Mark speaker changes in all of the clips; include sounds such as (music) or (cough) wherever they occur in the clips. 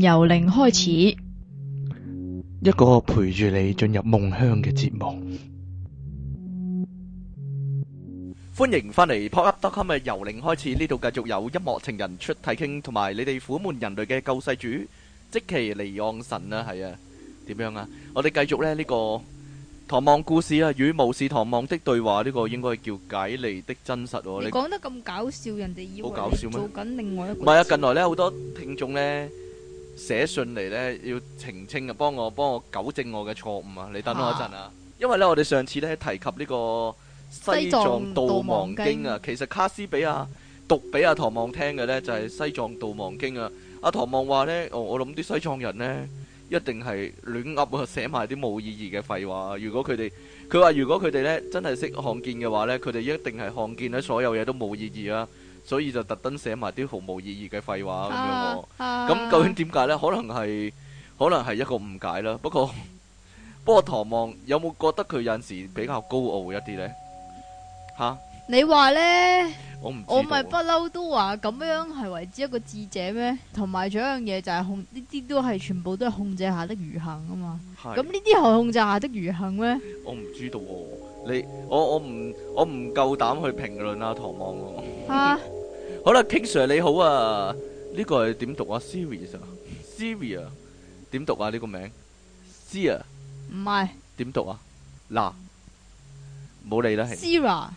Speaker 1: 由零開始，
Speaker 2: 一個陪住你進入夢鄉嘅節目。歡迎翻嚟 pop up dot com 嘅由零開始呢度，繼續有音樂情人出題傾，同埋你哋苦悶人類嘅救世主，即其離岸神啊，係啊，點樣啊？我哋繼續咧呢個唐望故事啊，與巫士唐望的對話，呢個應該叫解離的真實。你講
Speaker 1: 得咁搞笑，人哋以為做緊另外一個。唔係啊，
Speaker 2: 近來咧好多聽眾咧。寫信嚟呢，要澄清啊，幫我幫我糾正我嘅錯誤啊！你等我一陣啊，啊因為呢，我哋上次咧提及呢個西藏度亡經啊，經其實卡斯比亞讀啊讀俾阿唐望聽嘅呢，就係、是、西藏度亡經啊。阿、啊、唐望話呢，哦、我我諗啲西藏人呢，一定係亂噏啊，寫埋啲冇意義嘅廢話。如果佢哋，佢話如果佢哋呢真係識看見嘅話呢，佢哋、嗯、一定係看見咧所有嘢都冇意義啊。所以就特登寫埋啲毫無意義嘅廢話咁樣喎。咁究竟點解呢？可能係可能係一個誤解啦。不過不過，唐望有冇覺得佢有陣時比較高傲一啲呢？吓，
Speaker 1: 你話呢，
Speaker 2: 我唔知，我咪不
Speaker 1: 嬲都話咁樣係為之一個智者咩？同埋仲有一樣嘢就係控呢啲都係全部都係控制下的馀幸啊嘛。咁呢啲係控制下的馀幸咩？
Speaker 2: 我唔知道。你我我唔我唔夠膽去評論啊！唐望喎
Speaker 1: 嚇，
Speaker 2: 好啦，Kingsir 你好啊，呢、這個係點讀啊？Siri s 啊，Siri 啊，點讀啊？呢個名 Siri 唔係點讀啊？嗱、這個，冇理啦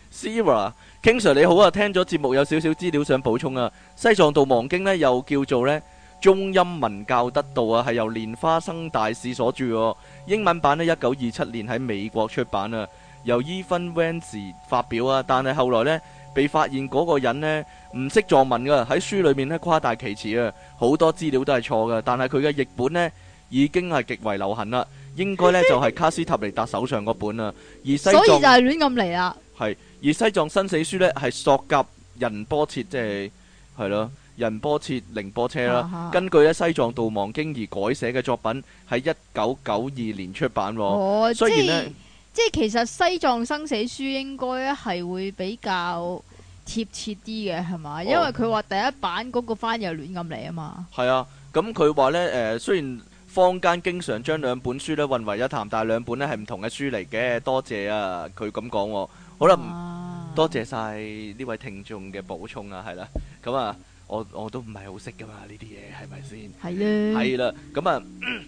Speaker 2: ，Kingsir，Kingsir 你好啊！聽咗節目有少少資料想補充啊。西藏度亡經呢，又叫做呢，中陰聞教得度啊，係由蓮花生大士所著、啊，英文版呢，一九二七年喺美國出版啊。由伊芬溫氏發表啊，但係後來呢，被發現嗰個人呢，唔識藏文噶，喺書裏面呢，誇大其詞啊，好多資料都係錯噶。但係佢嘅譯本呢，已經係極為流行啦，應該呢，就係、是、卡斯塔尼達手上嗰本啊。而西藏所以就係
Speaker 1: 亂咁嚟啦。
Speaker 2: 係而西藏生死書呢，係索甲仁波切即係係咯仁波切寧波車啦，啊啊、根據咧西藏度亡經而改寫嘅作品，喺一九九二年出版。哦，雖然呢。
Speaker 1: 即係其實，西藏生死書應該係會比較貼切啲嘅，係嘛？因為佢話第一版嗰個翻又亂咁嚟啊嘛。
Speaker 2: 係、哦、啊，咁佢話呢，誒、呃，雖然坊間經常將兩本書呢混為一談，但係兩本呢係唔同嘅書嚟嘅。多謝啊，佢咁講我，好啦，啊、多謝晒呢位聽眾嘅補充啊，係啦，咁啊，嗯、我我都唔係好識噶嘛呢啲嘢，係咪先？係啊，係啦，咁啊，嗯、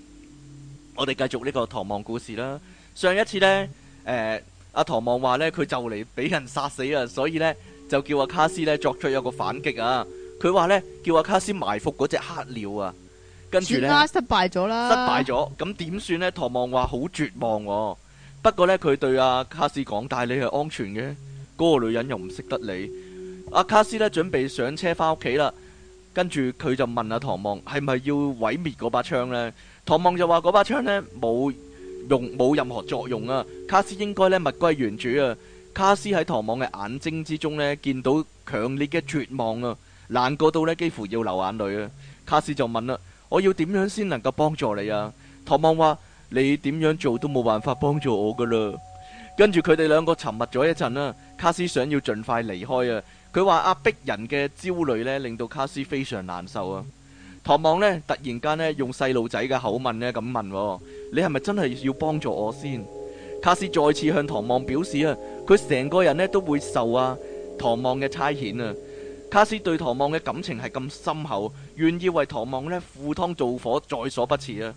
Speaker 2: 我哋繼續呢個唐望故事啦。上一次呢，誒、呃、阿、啊、唐望話呢，佢就嚟俾人殺死啊，所以呢，就叫阿卡斯呢作出一個反擊啊。佢話呢，叫阿卡斯埋伏嗰隻黑鳥啊，跟住咧、啊、
Speaker 1: 失敗咗啦，失敗咗。
Speaker 2: 咁點算呢？唐望話好絕望喎、哦。不過呢，佢對阿卡斯講：但係你係安全嘅，嗰、那個女人又唔識得你。阿、啊、卡斯呢準備上車返屋企啦，跟住佢就問阿、啊、唐望係咪要毀滅嗰把槍呢？唐望就話嗰把槍呢，冇。用冇任何作用啊！卡斯應該咧物歸原主啊！卡斯喺唐望嘅眼睛之中咧見到強烈嘅絕望啊，難過到咧幾乎要流眼淚啊！卡斯就問啦、啊：我要點樣先能夠幫助你啊？唐望話：你點樣做都冇辦法幫助我噶啦。跟住佢哋兩個沉默咗一陣啊。卡斯想要盡快離開啊！佢話壓逼人嘅焦慮呢令到卡斯非常難受啊！唐望呢突然間呢用細路仔嘅口吻呢咁問，呢問，哦、你係咪真係要幫助我先？卡斯再次向唐望表示啊，佢成個人呢都會受啊唐望嘅差遣啊。卡斯對唐望嘅感情係咁深厚，願意為唐望呢赴湯蹈火，在所不辭啊。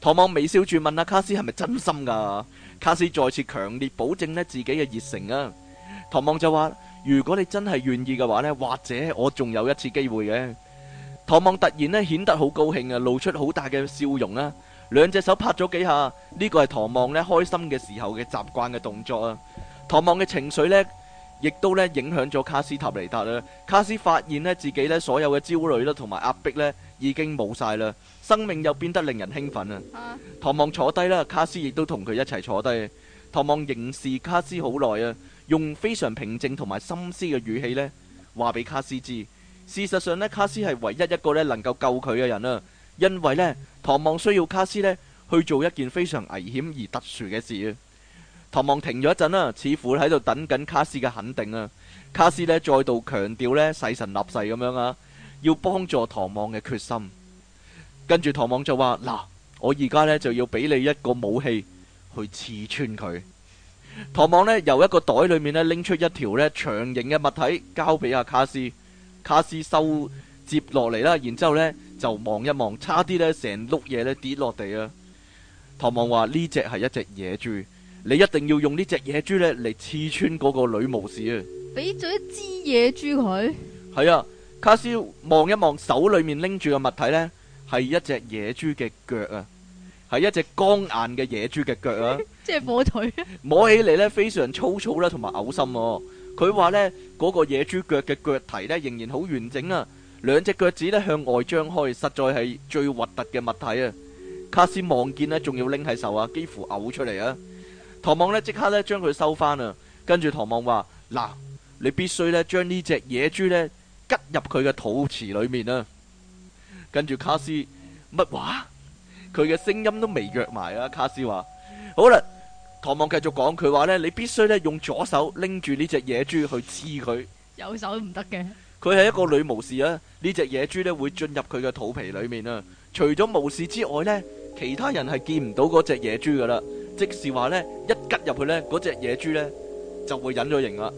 Speaker 2: 唐望微笑住問啊卡斯係咪真心噶？卡斯再次強烈保證呢自己嘅熱誠啊。唐望就話：如果你真係願意嘅話呢，或者我仲有一次機會嘅。唐望突然咧顯得好高興啊，露出好大嘅笑容啦、啊，兩隻手拍咗幾下，這個，呢個係唐望咧開心嘅時候嘅習慣嘅動作啊。唐望嘅情緒咧，亦都咧影響咗卡斯塔尼達啦。卡斯發現咧自己咧所有嘅焦慮啦同埋壓迫咧已經冇晒啦，生命又變得令人興奮啊。唐望、啊、坐低啦，卡斯亦都同佢一齊坐低。唐望凝視卡斯好耐啊，用非常平靜同埋深思嘅語氣咧話俾卡斯知。事實上咧，卡斯係唯一一個咧能夠救佢嘅人啊！因為咧，唐望需要卡斯咧去做一件非常危險而特殊嘅事啊！唐望停咗一陣啦，似乎喺度等緊卡斯嘅肯定啊！卡斯咧再度強調咧誓神立誓咁樣啊，要幫助唐望嘅決心。跟住唐望就話：嗱，我而家咧就要俾你一個武器去刺穿佢。唐望咧由一個袋裏面咧拎出一條咧長形嘅物體交俾阿卡斯。卡斯收接落嚟啦，然之後呢，就望一望，差啲呢，成碌嘢呢跌落地啊！唐望話：呢隻係一隻野豬，你一定要用呢隻野豬呢嚟刺穿嗰個女巫士啊！
Speaker 1: 俾咗一支野豬佢。
Speaker 2: 係啊，卡斯望一望手裏面拎住個物體呢，係一隻野豬嘅腳啊，係一隻光硬嘅野豬嘅腳啊，
Speaker 1: (laughs) 即係火腿、啊、
Speaker 2: 摸起嚟呢，非常粗糙啦、啊，同埋嘔心。佢話呢，嗰個野豬腳嘅腳蹄呢，仍然好完整啊，兩隻腳趾呢向外張開，實在係最核突嘅物體啊！卡斯望見呢，仲要拎起手啊，幾乎嘔出嚟啊！唐望呢，即刻呢將佢收翻啊，跟住唐望話：嗱，你必須呢將呢隻野豬呢，吉入佢嘅肚臍裏面啊！跟住卡斯乜話？佢嘅聲音都微弱埋啊！卡斯話：好啦。唐望繼續講，佢話咧，你必須咧用左手拎住呢隻野豬去刺佢，
Speaker 1: 右手唔得嘅。
Speaker 2: 佢係一個女巫士啊，呢隻野豬咧會進入佢嘅肚皮裏面啊。除咗巫士之外咧，其他人係見唔到嗰隻野豬噶啦。即是話咧，一吉入去咧，嗰隻野豬咧就會隱咗形啦。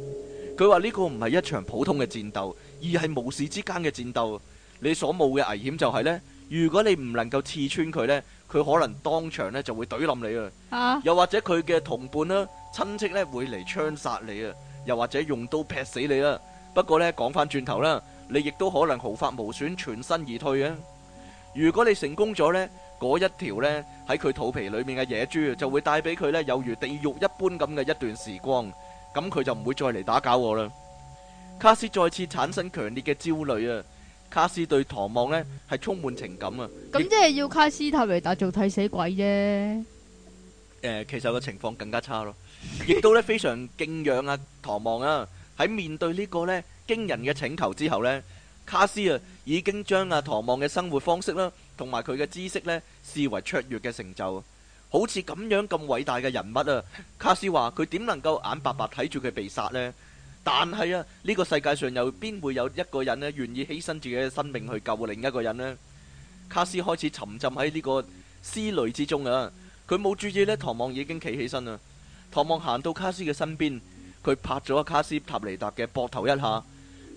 Speaker 2: 佢話呢個唔係一場普通嘅戰鬥，而係巫士之間嘅戰鬥。你所冒嘅危險就係、係、咧，如果你唔能夠刺穿佢咧。佢可能當場咧就會懟冧你啊！又或者佢嘅同伴啦、親戚咧會嚟槍殺你啊！又或者用刀劈死你啊。不過呢，講翻轉頭啦，你亦都可能毫髮無損，全身而退啊！如果你成功咗呢嗰一條呢，喺佢肚皮裏面嘅野豬就會帶俾佢呢有如地獄一般咁嘅一段時光，咁佢就唔會再嚟打攪我啦。卡斯再次產生強烈嘅焦慮啊！卡斯對唐望咧係充滿情感啊！
Speaker 1: 咁、嗯、即係要卡斯塔維達做替死鬼啫、
Speaker 2: 啊。誒、呃，其實個情況更加差咯，亦都咧非常敬仰啊。唐望啊！喺面對個呢個咧驚人嘅請求之後呢，卡斯啊已經將阿唐望嘅生活方式啦、啊，同埋佢嘅知識呢，視為卓越嘅成就。好似咁樣咁偉大嘅人物啊，卡斯話佢點能夠眼白白睇住佢被殺呢？但係啊，呢個世界上又邊會有一個人呢，願意犧牲自己嘅生命去救另一個人呢？卡斯開始沉浸喺呢個思慮之中啊！佢冇注意呢，唐望已經企起身啦。唐望行到卡斯嘅身邊，佢拍咗卡斯塔尼達嘅膊頭一下。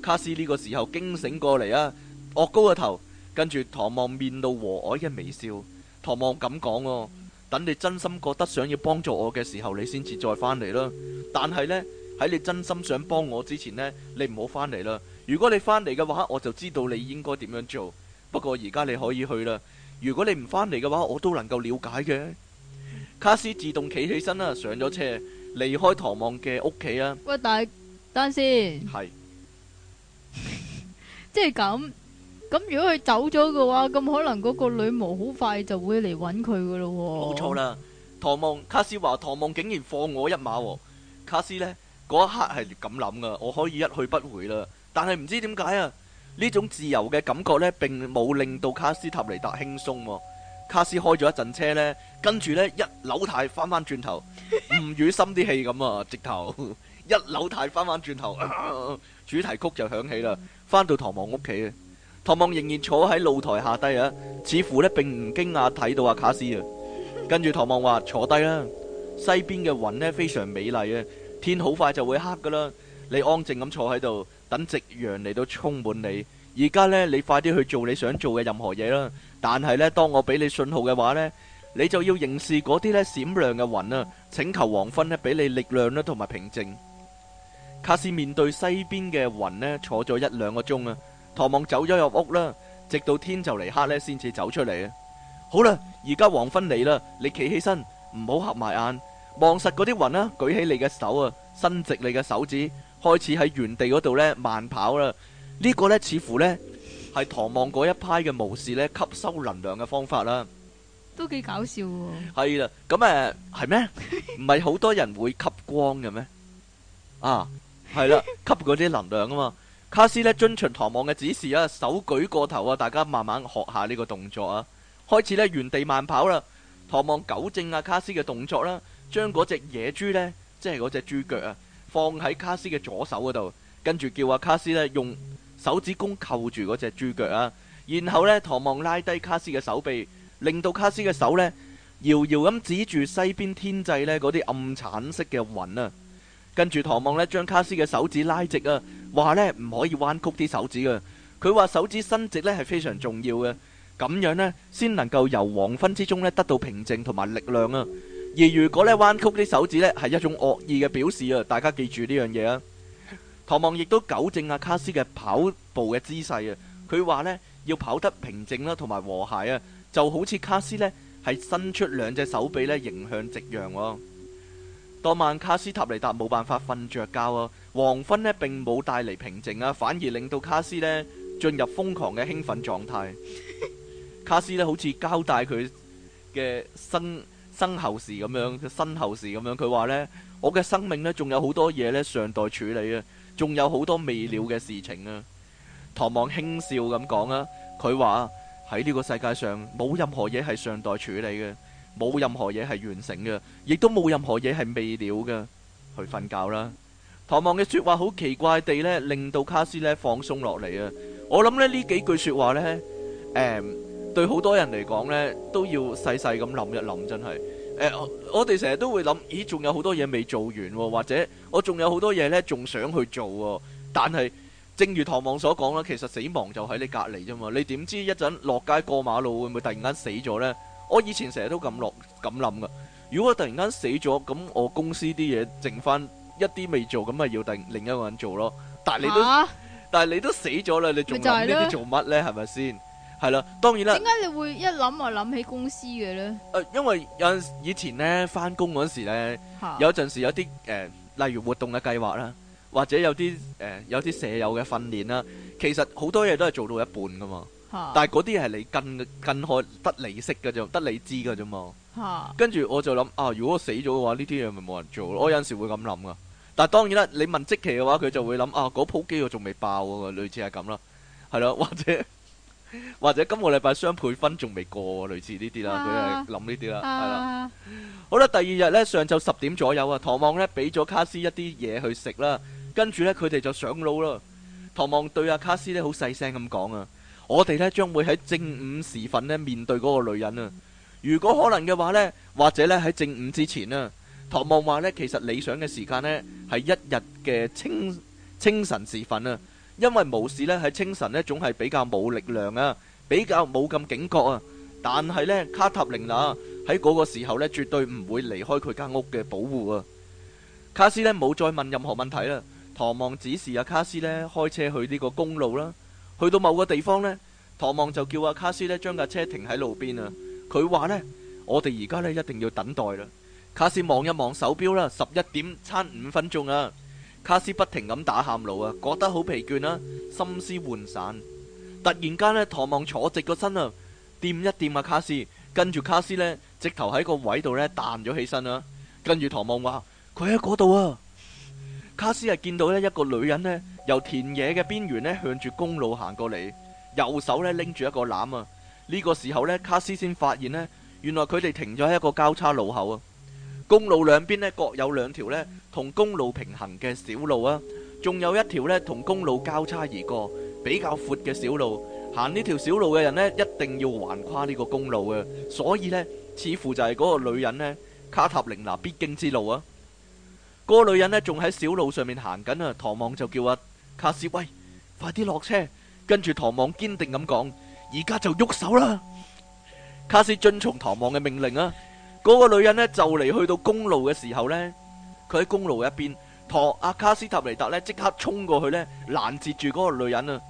Speaker 2: 卡斯呢個時候驚醒過嚟，啊，岳高個頭，跟住唐望面露和藹嘅微笑。唐望咁講啊，等你真心覺得想要幫助我嘅時候，你先至再返嚟啦。但係呢。喺你真心想幫我之前呢，你唔好返嚟啦。如果你返嚟嘅話，我就知道你應該點樣做。不過而家你可以去啦。如果你唔返嚟嘅話，我都能夠了解嘅。卡斯自動企起身啦，上咗車離開唐望嘅屋企啦。
Speaker 1: 喂，但等下先，係即係咁。咁 (laughs) 如果佢走咗嘅話，咁可能嗰個女巫好快就會嚟揾佢噶咯。冇錯啦，
Speaker 2: 唐望，卡斯話唐望竟然放我一馬、哦，嗯、卡斯呢？嗰一刻係咁諗噶，我可以一去不回啦。但係唔知點解啊，呢種自由嘅感覺呢，並冇令到卡斯塔尼達輕鬆喎，啊。卡斯開咗一陣車呢，跟住呢，一扭軚翻翻轉頭，唔語心啲氣咁啊！直頭一扭軚翻翻轉頭，啊，主題曲就響起啦。翻到唐望屋企啊，唐望仍然坐喺露台下低啊，似乎呢並唔驚訝睇到阿卡斯啊。跟住唐望話：坐低啦，西邊嘅雲呢，非常美麗啊。天好快就會黑噶啦，你安靜咁坐喺度等夕陽嚟到充滿你。而家呢，你快啲去做你想做嘅任何嘢啦。但係呢，當我俾你信號嘅話呢，你就要凝視嗰啲呢閃亮嘅雲啊，請求黃昏呢俾你力量啦同埋平靜。卡斯面對西邊嘅雲呢，坐咗一兩個鐘啊，唐望走咗入屋啦，直到天就嚟黑呢，先至走出嚟啊。好啦，而家黃昏嚟啦，你企起身，唔好合埋眼，望實嗰啲雲啦，舉起你嘅手啊，伸直你嘅手指，開始喺原地嗰度咧慢跑啦。這個、呢個咧似乎咧係唐望嗰一派嘅模式咧吸收能量嘅方法啦。
Speaker 1: 都幾搞笑喎、哦！
Speaker 2: 係啦，咁誒係咩？唔係好多人會吸光嘅咩？啊，係啦，吸嗰啲能量啊嘛。卡斯咧遵循唐望嘅指示啊，手舉過頭啊，大家慢慢學下呢個動作啊，開始咧原地慢跑啦。唐望糾正阿、啊、卡斯嘅動作啦、啊。將嗰隻野豬呢，即係嗰隻豬腳啊，放喺卡斯嘅左手嗰度，跟住叫阿卡斯呢，用手指弓扣住嗰隻豬腳啊，然後呢，唐望拉低卡斯嘅手臂，令到卡斯嘅手呢，遙遙咁指住西邊天際呢嗰啲暗橙色嘅雲啊，跟住唐望呢，將卡斯嘅手指拉直啊，話呢唔可以彎曲啲手指啊。佢話手指伸直呢係非常重要嘅，咁樣呢，先能夠由黃昏之中呢得到平靜同埋力量啊。而如果呢彎曲啲手指呢係一種惡意嘅表示啊，大家記住呢樣嘢啊。唐望亦都糾正阿、啊、卡斯嘅跑步嘅姿勢啊，佢話呢，要跑得平靜啦，啊，同埋和諧啊，就好似卡斯呢，係伸出兩隻手臂呢，迎向夕陽喎。當晚卡斯塔尼達冇辦法瞓着覺啊，黃昏呢並冇帶嚟平靜啊，反而令到卡斯呢進入瘋狂嘅興奮狀態。 (laughs) 卡斯呢好似交代佢嘅身身後事咁樣，身後事咁樣。佢話咧，我嘅生命咧，仲有好多嘢咧，尚待處理啊，仲有好多未了嘅事情啊。唐望輕笑咁講啊，佢話喺呢個世界上，冇任何嘢係尚待處理嘅，冇任何嘢係完成嘅，亦都冇任何嘢係未了嘅。去瞓覺啦。唐望嘅說話好奇怪地咧，令到卡斯咧放鬆落嚟啊。我諗咧呢幾句說話咧，誒。對好多人嚟講咧，都要細細咁諗一諗，真係。誒，我我哋成日都會諗，咦，仲有好多嘢未做完喎，或者我仲有好多嘢咧，仲想去做喎。但係，正如唐望所講啦，其實死亡就喺你隔籬啫嘛。你點知一陣落街過馬路會唔會突然間死咗咧？我以前成日都咁落咁諗噶。如果我突然間死咗，咁我公司啲嘢剩翻一啲未做，咁咪要第另一個人做咯。但係你都，但係你都死咗啦，你仲諗呢啲做乜咧？係咪先？係啦，當然啦。點解
Speaker 1: 你會一諗就諗起公司嘅咧？
Speaker 2: 誒、呃，因為有陣以前咧翻工，嗰陣時咧，啊、有陣時有啲誒、呃，例如活動嘅計劃啦，或者有啲誒、呃，有啲舍友嘅訓練啦，其實好多嘢都係做到一半噶嘛。啊、但係嗰啲係你近跟開，得你識嘅，就得你知嘅啫嘛。跟住我就諗啊，如果我死咗嘅話，呢啲嘢咪冇人做咯。我有陣時會咁諗噶。但係當然啦，你問即期嘅話，佢就會諗啊，嗰鋪機我仲未爆啊，類似係咁啦，係咯，或者。或者 (laughs) 或者今個禮拜雙倍分仲未過，類似呢啲啦，佢係諗呢啲啦，係、啊、啦。好啦，第二日呢，上晝十點左右啊，唐望呢，俾咗卡斯一啲嘢去食啦，跟住呢，佢哋就上路啦。唐望對阿卡斯呢，好細聲咁講啊，我哋呢，將會喺正午時分呢面對嗰個女人啊，如果可能嘅話呢，或者呢喺正午之前啊，唐望話呢，其實理想嘅時間呢，係一日嘅清清晨時分啊。因為巫士呢喺清晨呢，總係比較冇力量啊，比較冇咁警覺啊。但係呢，卡塔琳娜喺嗰個時候呢，絕對唔會離開佢間屋嘅保護啊。卡斯呢冇再問任何問題啦。唐望指示阿、啊、卡斯呢開車去呢個公路啦、啊。去到某個地方呢，唐望就叫阿、啊、卡斯呢將架車停喺路邊啊。佢話呢，我哋而家呢一定要等待啦。卡斯望一望手錶啦、啊，十一點差五分鐘啊。卡斯不停咁打喊路啊，覺得好疲倦啦，心思渙散。突然間呢，唐望坐直個身啊，掂一掂啊卡斯，跟住卡斯呢，直頭喺個位度呢，彈咗起身啊。跟住唐望話：佢喺嗰度啊。卡斯係見到咧一個女人呢，由田野嘅邊緣呢向住公路行過嚟，右手呢拎住一個籃啊。呢個時候呢，卡斯先發現呢，原來佢哋停咗喺一個交叉路口啊。公路兩邊咧各有兩條咧同公路平行嘅小路啊，仲有一條咧同公路交叉而過，比較闊嘅小路。行呢條小路嘅人咧一定要橫跨呢個公路嘅，所以咧似乎就係嗰個女人咧卡塔琳娜必經之路啊。嗰個女人咧仲喺小路上面行緊啊，唐望就叫阿卡斯喂，快啲落車。跟住唐望堅定咁講，而家就喐手啦。卡斯遵從唐望嘅命令啊。嗰個女人呢，就嚟去到公路嘅時候呢，佢喺公路一邊，托阿卡斯塔尼達呢即刻衝過去呢，攔截住嗰個女人啊！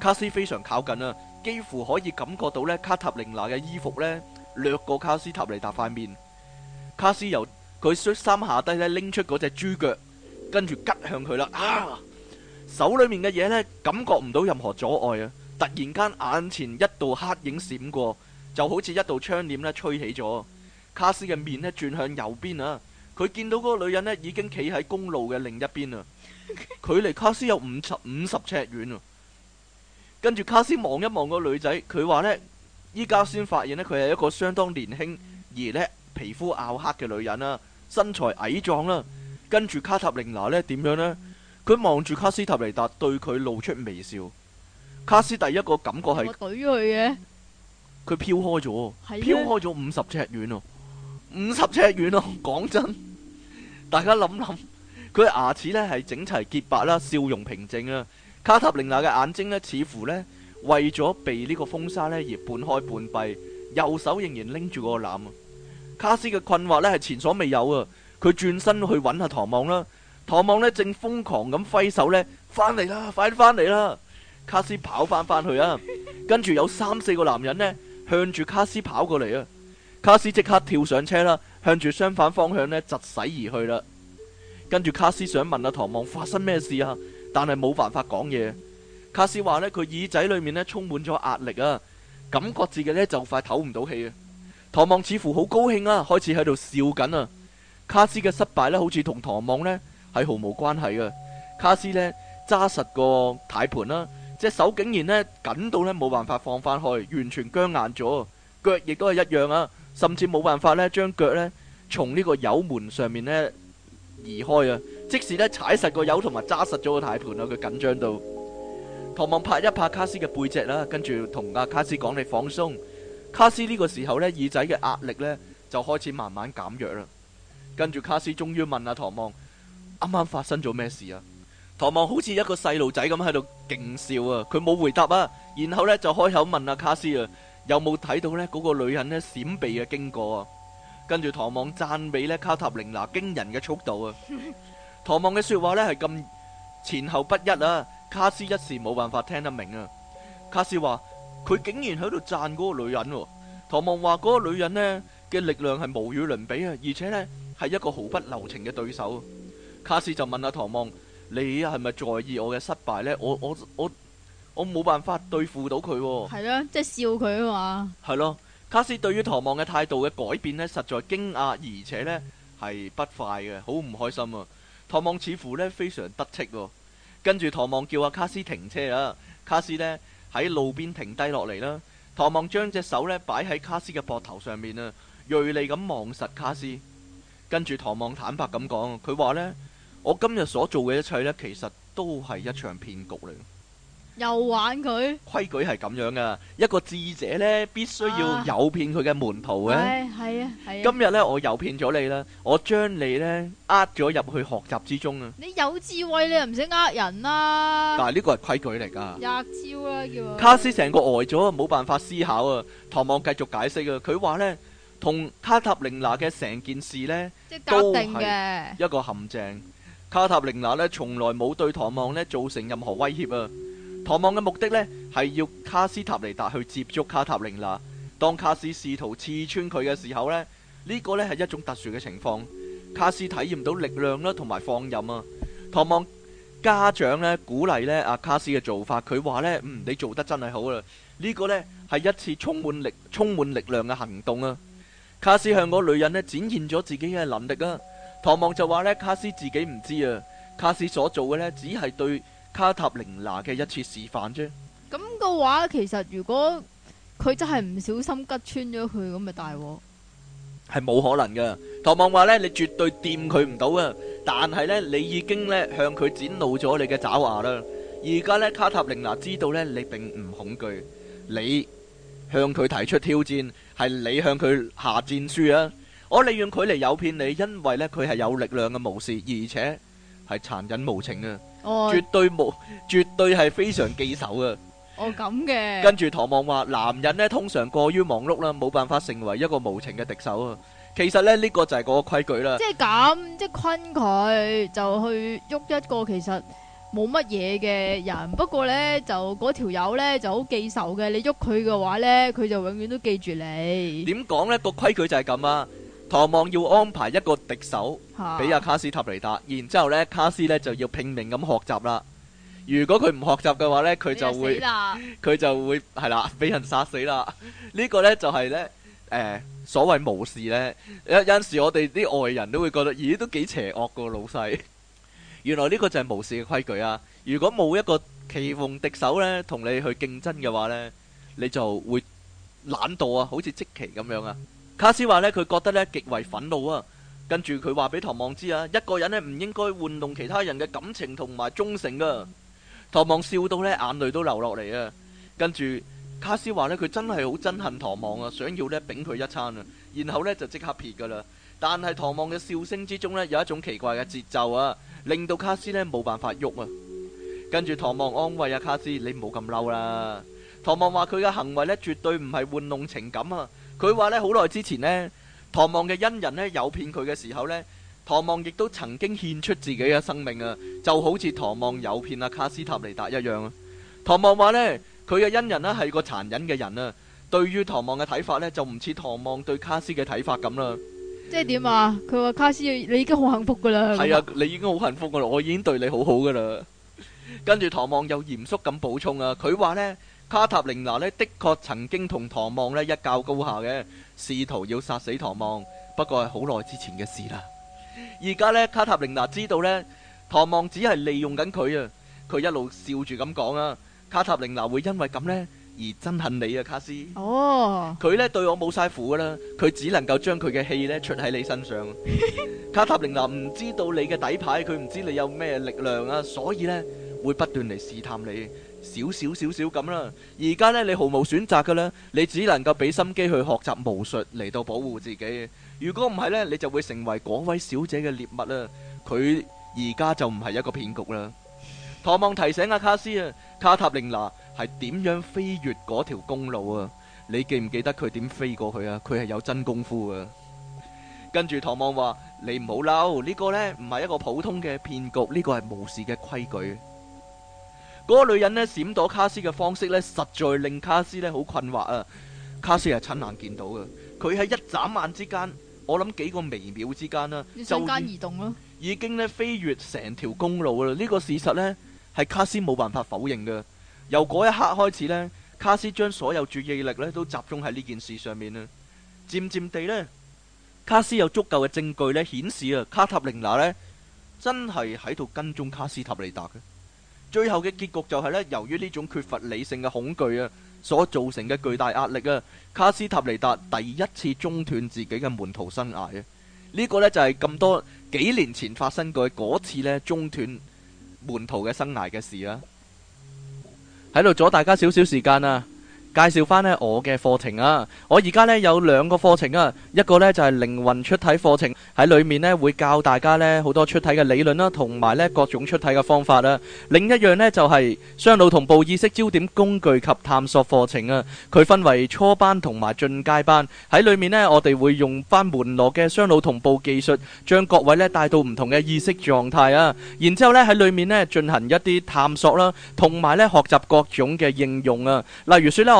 Speaker 2: 卡斯非常靠近啊，幾乎可以感覺到呢卡塔琳娜嘅衣服呢掠過卡斯塔尼達塊面。卡斯由佢恤衫下低呢拎出嗰隻豬腳，跟住吉向佢啦啊！手裏面嘅嘢呢，感覺唔到任何阻礙啊！突然間眼前一道黑影閃過，就好似一道窗簾呢吹起咗。卡斯嘅面咧轉向右邊啊！佢見到嗰個女人咧已經企喺公路嘅另一邊啊，距離卡斯有五十五十尺遠啊！跟住卡斯望一望個女仔，佢話呢：「依家先發現呢佢係一個相當年輕而呢皮膚黝黑嘅女人啦、啊，身材矮壯啦、啊。跟住卡塔琳娜呢點樣呢？佢望住卡斯塔尼達，對佢露出微笑。卡斯第一個感覺係佢嘅，佢飄開咗，飄開咗五十尺遠啊五十尺遠咯，講真，大家諗諗，佢牙齒呢係整齊潔白啦，笑容平靜啊。卡塔琳娜嘅眼睛呢，似乎呢，為咗避呢個風沙呢而半開半閉，右手仍然拎住個籃啊。卡斯嘅困惑呢係前所未有啊！佢轉身去揾下唐望啦，唐望呢，正瘋狂咁揮手呢，翻嚟啦，快啲翻嚟啦！卡斯跑翻翻去啊，跟住有三四個男人呢，向住卡斯跑過嚟啊。卡斯即刻跳上車啦，向住相反方向呢疾駛而去啦。跟住卡斯想問阿、啊、唐望發生咩事啊，但係冇辦法講嘢。卡斯話呢，佢耳仔裏面呢充滿咗壓力啊，感覺自己呢就快唞唔到氣啊。唐望似乎好高興啊，開始喺度笑緊啊。卡斯嘅失敗呢，好似同唐望呢係毫無關係嘅。卡斯呢揸實個呔盤啦，隻、啊、手竟然呢緊到呢冇辦法放翻去，完全僵硬咗。腳亦都係一樣啊，甚至冇辦法咧，將腳咧從呢個油門上面咧移開啊！即使咧踩實個油同埋揸實咗個軚盤啊，佢緊張到。唐望拍一拍卡斯嘅背脊啦、啊，跟住同阿卡斯講，你放鬆。卡斯呢個時候咧耳仔嘅壓力咧就開始慢慢減弱啦。跟住卡斯終於問阿、啊、唐望：啱啱發生咗咩事啊？唐望好似一個細路仔咁喺度勁笑啊！佢冇回答啊，然後咧就開口問阿、啊、卡斯啊。有冇睇到呢嗰個女人呢閃避嘅經過啊？跟住唐望讚美呢卡塔琳娜驚人嘅速度啊！ (laughs) 唐望嘅說話呢係咁前後不一啊！卡斯一時冇辦法聽得明啊！卡斯話佢竟然喺度讚嗰個女人，唐望話嗰個女人呢嘅力量係無與倫比啊，而且呢係一個毫不留情嘅對手。卡斯就問阿唐望，你係咪在意我嘅失敗呢？我我我。我我冇辦法對付到佢。哦，係咯，即
Speaker 1: (noise) 係樂、就是，笑佢啊嘛。
Speaker 2: 係咯，卡斯對於唐望嘅態度嘅改變呢，實在驚訝，而且呢，係不快嘅，好唔開心啊。唐望似乎呢，非常得戚。哦，跟住唐望叫阿，啊，卡斯停車啊。卡斯呢，喺路邊停低落嚟啦。唐望將隻手呢擺喺卡斯嘅膊頭上面啊，銳利咁望實卡斯。跟住唐望坦白咁講，佢話呢，我今日所做嘅一切呢，其實都係一場騙局嚟。
Speaker 1: 又玩佢？
Speaker 2: 規矩係咁樣㗎，一個智者呢，必須要誘騙佢嘅門徒嘅。係啊、哎，係、哎、啊。哎
Speaker 1: 哎、今日
Speaker 2: 呢，我誘騙咗你啦，我將你呢呃咗入去學習之中啊！
Speaker 1: 你有智慧，你又唔使呃人啦。但
Speaker 2: 係呢個係規矩嚟㗎。吔招
Speaker 1: 啦，叫卡斯
Speaker 2: 成個呆咗啊，冇辦法思考啊。唐望繼續解釋啊，佢話呢，同卡塔玲娜嘅成件事咧，
Speaker 1: 定都係
Speaker 2: 一個陷阱。卡塔玲娜呢，從來冇對唐望呢造成任何威脅啊。唐望嘅目的呢，係要卡斯塔尼達去接觸卡塔琳娜。當卡斯試圖刺穿佢嘅時候咧，呢個呢係一種特殊嘅情況。卡斯體驗到力量啦，同埋放任啊。唐望家長呢，鼓勵呢阿卡斯嘅做法，佢話呢，「嗯，你做得真係好啦。呢個呢，係一次充滿力，充滿力量嘅行動啊。卡斯向嗰女人呢，展現咗自己嘅能力啊。唐望就話呢，卡斯自己唔知啊，卡斯所做嘅呢，只係對。卡塔琳娜嘅一次示範啫。
Speaker 1: 咁嘅話，其實如果佢真係唔小心吉穿咗佢，咁咪大鑊。
Speaker 2: 係冇可能噶。唐望話呢，你絕對掂佢唔到啊！但係呢，你已經呢向佢展露咗你嘅爪牙啦。而家呢，卡塔琳娜知道呢，你並唔恐懼。你向佢提出挑戰，係你向佢下戰書啊！我利用佢嚟誘騙你，因為呢，佢係有力量嘅武士，而且。係殘忍無情啊！絕對冇，絕對係非常記仇啊！
Speaker 1: 哦，咁嘅。跟
Speaker 2: 住唐望話：男人咧，通常過於忙碌啦，冇辦法成為一個無情嘅敵手啊。其實咧，呢個就係個規矩啦。即係
Speaker 1: 咁，即係昆佢就去喐一個其實冇乜嘢嘅人。不過咧，就嗰條友咧就好記仇嘅。你喐佢嘅話咧，佢就永遠都記住你。
Speaker 2: 點講咧？個規矩就係咁啊！唐望要安排一個敵手俾阿卡斯塔尼達，啊、然之後呢，卡斯呢就要拼命咁學習啦。如果佢唔學習嘅話呢，佢就會佢就， (laughs) 就會係啦，俾人殺死啦。呢 (laughs) 個呢就係、是、呢誒、呃、所謂武士呢。有有陣時，我哋啲外人都會覺得，咦都幾邪惡個老細。 (laughs) 原來呢個就係武士嘅規矩啊。如果冇一個棋逢敵手呢同你去競爭嘅話呢，你就會懶惰啊，好似積棋咁樣啊。卡斯話呢，佢覺得呢極為憤怒啊！跟住佢話俾唐望知啊，一個人呢唔應該玩弄其他人嘅感情同埋忠誠噶。唐望笑到呢，眼淚都流落嚟啊！跟住卡斯話呢，佢真係好憎恨唐望啊，想要呢，炳佢一餐啊！然後呢，就即刻撇噶啦。但係唐望嘅笑聲之中呢，有一種奇怪嘅節奏啊，令到卡斯呢冇辦法喐啊！跟住唐望安慰啊卡斯，你唔好咁嬲啦。唐望話佢嘅行為呢，絕對唔係玩弄情感啊！佢話咧，好耐之前呢，唐望嘅恩人呢，誘騙佢嘅時候呢，唐望亦都曾經獻出自己嘅生命啊，就好似唐望誘騙阿卡斯塔尼達一樣啊。唐望話呢，佢嘅恩人呢係個殘忍嘅人啊。對於唐望嘅睇法呢，就唔似唐望對卡斯嘅睇法咁啦。
Speaker 1: 即係點啊？佢話、啊嗯、卡斯，你已經好幸福噶啦。係啊，你已
Speaker 2: 經好幸福噶啦，我已經對你好好噶啦。 (laughs) 跟住唐望又嚴肅咁補充啊，佢話呢。卡塔琳娜呢，的確曾經同唐望呢一較高下嘅，試圖要殺死唐望，不過係好耐之前嘅事啦。而家呢，卡塔琳娜知道呢，唐望只係利用緊佢啊。佢一路笑住咁講啊。卡塔琳娜會因為咁呢而憎恨你啊，卡斯。
Speaker 1: 哦。
Speaker 2: 佢呢對我冇晒苦㗎啦，佢只能夠將佢嘅氣呢出喺你身上。卡塔琳娜唔知道你嘅底牌，佢唔知你有咩力量啊，所以呢會不斷嚟試探你。少少少少咁啦，而家呢，你毫無選擇噶啦，你只能夠俾心機去學習巫術嚟到保護自己。如果唔係呢，你就會成為嗰位小姐嘅獵物啦。佢而家就唔係一個騙局啦。唐望提醒阿、啊、卡斯啊，卡塔琳娜係點樣飛越嗰條公路啊？你記唔記得佢點飛過去啊？佢係有真功夫啊。跟住唐望話：你唔好嬲，呢、這個呢，唔係一個普通嘅騙局，呢、這個係巫士嘅規矩。嗰個女人咧，閃躲卡斯嘅方式咧，實在令卡斯咧好困惑啊！卡斯係親眼見到嘅，佢喺一眨眼之間，我諗幾個微秒之間啦，就已經咧飛越成條公路啦！呢、這個事實咧，係卡斯冇辦法否認嘅。由嗰一刻開始咧，卡斯將所有注意力咧都集中喺呢件事上面啦。漸漸地咧，卡斯有足夠嘅證據咧顯示啊，卡塔琳娜咧真係喺度跟蹤卡斯塔尼達嘅。最後嘅結局就係咧，由於呢種缺乏理性嘅恐懼啊，所造成嘅巨大壓力啊，卡斯塔尼達第一次中斷自己嘅門徒生涯啊，呢、這個呢，就係、是、咁多幾年前發生過嘅嗰次咧中斷門徒嘅生涯嘅事啊，喺度阻大家少少時間啊。介紹翻咧我嘅課程啊！我而家咧有兩個課程啊，一個咧就係靈魂出體課程，喺裡面咧會教大家咧好多出體嘅理論啦，同埋咧各種出體嘅方法啦。另一樣咧就係雙腦同步意識焦點工具及探索課程啊。佢分為初班同埋進階班，喺裡面咧我哋會用翻門羅嘅雙腦同步技術，將各位咧帶到唔同嘅意識狀態啊。然之後咧喺裡面咧進行一啲探索啦，同埋咧學習各種嘅應用啊。例如説咧。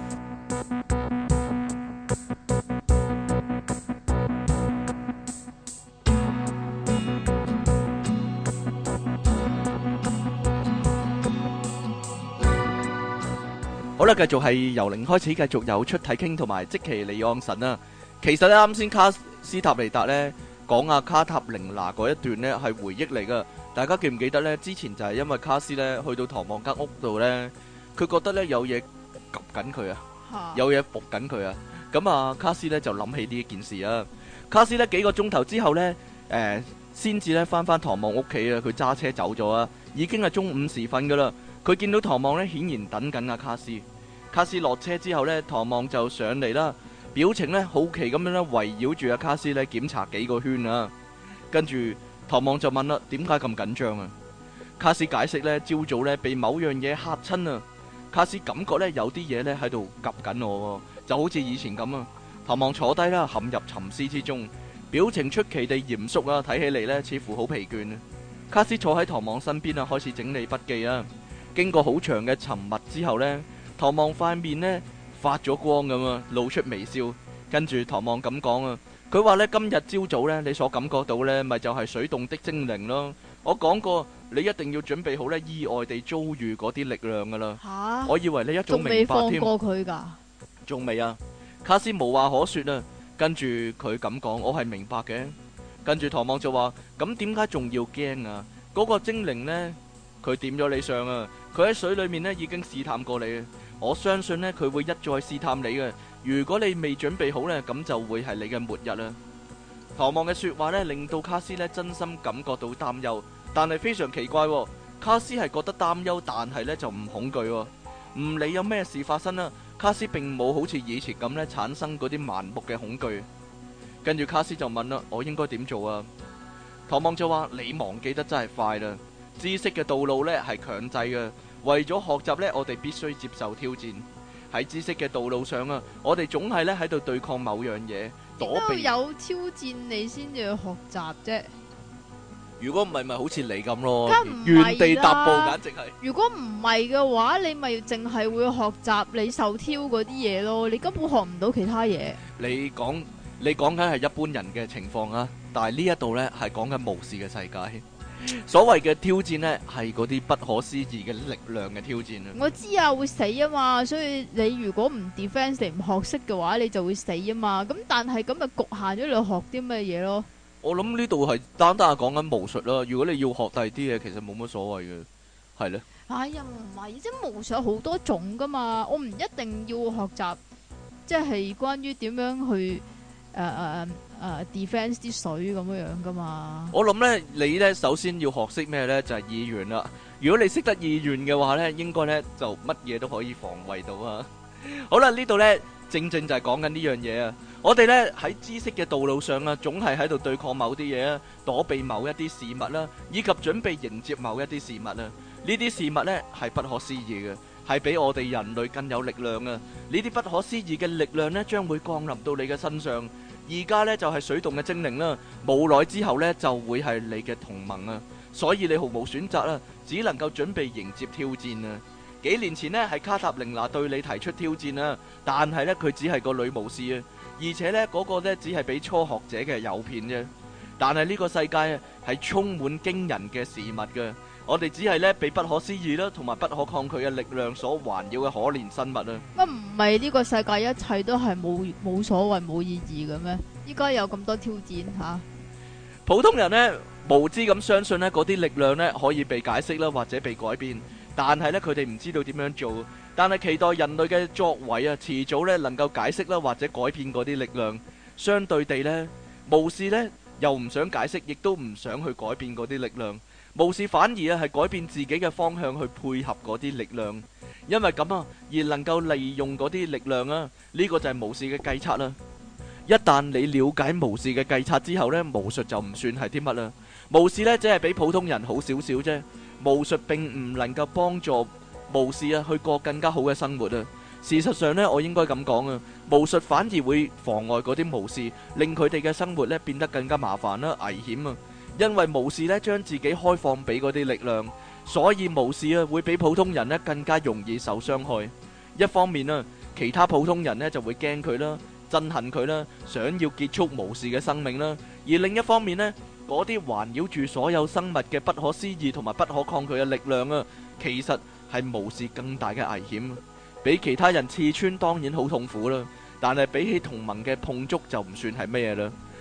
Speaker 2: 好啦，繼續係由零開始，繼續有出體傾同埋即其利昂神啊！其實咧，啱先卡斯塔尼達咧講啊，卡塔琳娜嗰一段咧係回憶嚟噶，大家記唔記得咧？之前就係因為卡斯咧去到唐望間屋度咧，佢覺得咧有嘢及緊佢啊，有嘢伏緊佢啊！咁啊，啊，卡斯咧就諗起呢件事啊！卡斯咧幾個鐘頭之後咧，誒、呃，先至咧返返唐望屋企啊！佢揸車走咗啊，已經係中午時分噶啦！佢見到唐望咧，顯然等緊、啊、阿卡斯。卡斯落車之後呢，唐望就上嚟啦，表情呢好奇咁樣咧，圍繞住阿卡斯咧檢查幾個圈啊。跟住唐望就問啦：點解咁緊張啊？卡斯解釋呢，「朝早呢，被某樣嘢嚇親啊。卡斯感覺呢，有啲嘢呢喺度夾緊我，就好似以前咁啊。唐望坐低啦，陷入沉思之中，表情出奇地嚴肅啊，睇起嚟呢，似乎好疲倦啊。卡斯坐喺唐望身邊啊，開始整理筆記啊。經過好長嘅沉默之後呢。唐望塊面咧，發咗光咁啊，露出微笑，跟住唐望咁講啊，佢話咧，今日朝早咧，你所感覺到咧，咪就係水凍的精靈咯。我講過你一定要準備好咧，意外地遭遇嗰啲力量噶啦，吓，我以為你一早明白添。仲未放過佢噶？仲未啊。卡斯無話可說啊，跟住佢咁講，我係明白嘅。跟住唐望就話，咁點解仲要驚啊？嗰個精靈咧，佢點咗你上啊，佢喺水裏面咧，已經試探過你。我相信呢，佢會一再試探你嘅。如果你未準備好呢，咁就會係你嘅末日啦。唐望嘅說話呢，令到卡斯呢真心感覺到擔憂。但係非常奇怪，卡斯係覺得擔憂，但係呢就唔恐懼。唔理有咩事發生啦，卡斯並冇好似以前咁呢產生嗰啲盲目嘅恐懼。跟住卡斯就問啦：我應該點做啊？唐望就話：你忘記得真係快啦。知識嘅道路呢係強制嘅。為咗學習咧，我哋必須接受挑戰。喺知識嘅道路上啊，我哋總係咧喺度對抗某樣嘢，都要。有
Speaker 1: 挑戰你先至去學習啫。
Speaker 2: 如果唔係，咪好似你咁咯，原地踏步，簡直係。如
Speaker 1: 果唔係嘅話，你咪淨係會學習你受挑嗰啲嘢咯，你根本學唔到其他嘢。
Speaker 2: 你講你講緊係一般人嘅情況啊，但係呢一度咧係講緊巫士嘅世界。所謂嘅挑戰咧，係嗰啲不可思議嘅力量嘅挑戰啊！我
Speaker 1: 知啊，會死啊嘛，所以你如果唔 defence 唔學識嘅話，你就會死啊嘛。咁但係咁咪局限咗你學啲咩嘢咯。
Speaker 2: 我諗呢度係單單係講緊巫術啦。如果你要學第二啲嘢，其實冇乜所謂嘅，係咧。
Speaker 1: 哎呀，唔係，即係巫術有好多種噶嘛，我唔一定要學習，即係關於點樣去誒。誒 defence 啲水咁樣噶嘛？
Speaker 2: 我諗咧，你咧首先要學識咩咧？就係意願啦。如果你識得意願嘅話咧，應該咧就乜嘢都可以防衞到啊！ (laughs) 好啦，呢度咧正正就係講緊呢樣嘢啊！我哋咧喺知識嘅道路上啊，總係喺度對抗某啲嘢啊，躲避某一啲事物啦、啊，以及準備迎接某一啲事物啊。呢啲事物咧係不可思議嘅，係比我哋人類更有力量啊！呢啲不可思議嘅力量咧，將會降臨到你嘅身上。而家呢，就係水洞嘅精靈啦，冇耐之後呢，就會係你嘅同盟啊，所以你毫無選擇啊，只能夠準備迎接挑戰啊！幾年前呢，係卡塔琳娜對你提出挑戰啊，但係呢，佢只係個女巫師啊，而且呢，嗰個呢，只係俾初學者嘅誘騙啫，但係呢個世界係充滿驚人嘅事物嘅。我哋只係咧，被不可思議啦，同埋不可抗拒嘅力量所環繞嘅可憐生物啦。
Speaker 1: 乜唔係呢個世界一切都係冇冇所謂冇意義嘅咩？應該有咁多挑戰吓。
Speaker 2: 普通人咧，無知咁相信咧，嗰啲力量咧，可以被解釋啦，或者被改變。但係咧佢哋唔知道點樣做，但係期待人類嘅作為啊，遲早咧，能夠解釋啦，或者改變嗰啲力量。相對地咧，巫師咧，又唔想解釋，亦都唔想去改變嗰啲力量。巫士反而啊係改變自己嘅方向去配合嗰啲力量，因為咁啊而能夠利用嗰啲力量啊呢，這個就係巫士嘅計策啦。一旦你了解巫士嘅計策之後呢，巫術就唔算係啲乜啦。巫士呢，只係比普通人好少少啫。巫術並唔能夠幫助巫士啊去過更加好嘅生活啊。事實上呢，我應該咁講啊，巫術反而會妨礙嗰啲巫士，令佢哋嘅生活呢，變得更加麻煩啦、危險啊。因為巫師咧將自己開放俾嗰啲力量，所以巫師啊會比普通人咧更加容易受傷害。一方面啊，其他普通人咧就會驚佢啦、憎恨佢啦、想要結束巫師嘅生命啦；而另一方面咧，嗰啲環繞住所有生物嘅不可思議同埋不可抗拒嘅力量啊，其實係巫師更大嘅危險。俾其他人刺穿當然好痛苦啦，但係比起同盟嘅碰觸就唔算係咩啦。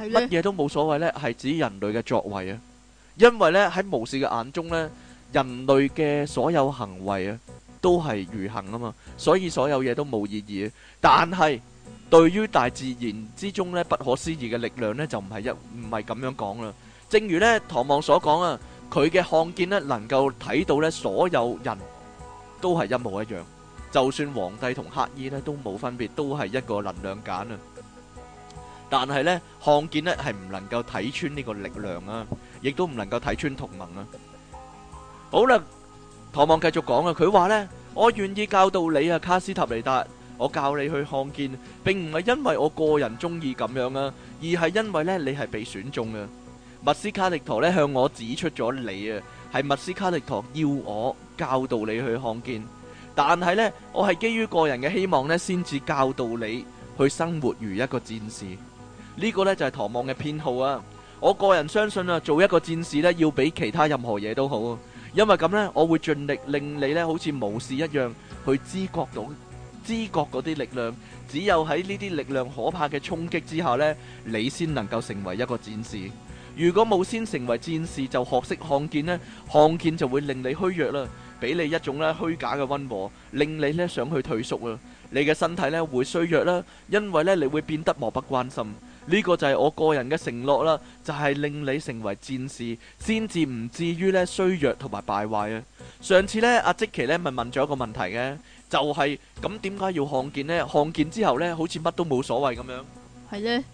Speaker 2: 乜嘢都冇所謂咧，係指人類嘅作為啊，因為咧喺巫士嘅眼中咧，人類嘅所有行為啊，都係愚行啊嘛，所以所有嘢都冇意義。但係對於大自然之中咧不可思議嘅力量咧，就唔係一唔係咁樣講啦。正如咧唐望所講啊，佢嘅看見咧能夠睇到咧所有人，都係一模一樣，就算皇帝同乞丐咧都冇分別，都係一個能量繭啊。但係呢，看見呢係唔能夠睇穿呢個力量啊，亦都唔能夠睇穿同盟啊。好啦，唐望繼續講啊。佢話呢，我願意教導你啊，卡斯塔尼達，我教你去看見，並唔係因為我個人中意咁樣啊，而係因為呢，你係被選中啊。密斯卡迪陀呢向我指出咗你啊，係密斯卡迪陀要我教導你去看見，但係呢，我係基於個人嘅希望呢，先至教導你去生活如一個戰士。呢個咧就係唐望嘅偏好啊！我個人相信啊，做一個戰士咧，要比其他任何嘢都好。因為咁咧，我會盡力令你咧好似無事一樣去知覺到知覺嗰啲力量。只有喺呢啲力量可怕嘅衝擊之下咧，你先能夠成為一個戰士。如果冇先成為戰士，就學識看見咧，看見就會令你虛弱啦，俾你一種咧虛假嘅溫和，令你咧想去退縮啊。你嘅身體咧會衰弱啦，因為咧你會變得漠不關心。呢個就係我個人嘅承諾啦，就係、是、令你成為戰士，先至唔至於咧衰弱同埋敗壞啊！上次咧，阿積奇咧咪問咗一個問題嘅，就係咁點解要看見呢？看見之後咧，好似乜都冇所謂咁樣。
Speaker 1: 係咧呢，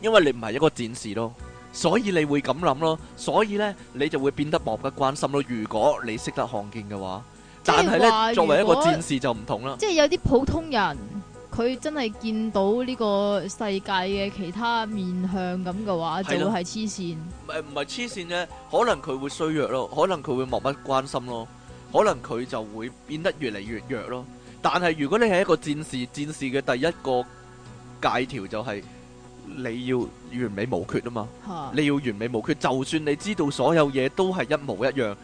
Speaker 2: 因為你唔係一個戰士咯，所以你會咁諗咯，所以咧你就會變得漠不關心咯。如果你識得看見嘅話，但係咧作為一個戰士就唔同啦，即係
Speaker 1: 有啲普通人。佢真係見到呢個世界嘅其他面向咁嘅話，就會係黐線。
Speaker 2: 唔係唔係黐線咧，可能佢會衰弱咯，可能佢會漠不關心咯，可能佢就會變得越嚟越弱咯。但係如果你係一個戰士，戰士嘅第一個戒條就係你要完美無缺啊嘛。你要完美無缺，就算你知道所有嘢都係一模一樣，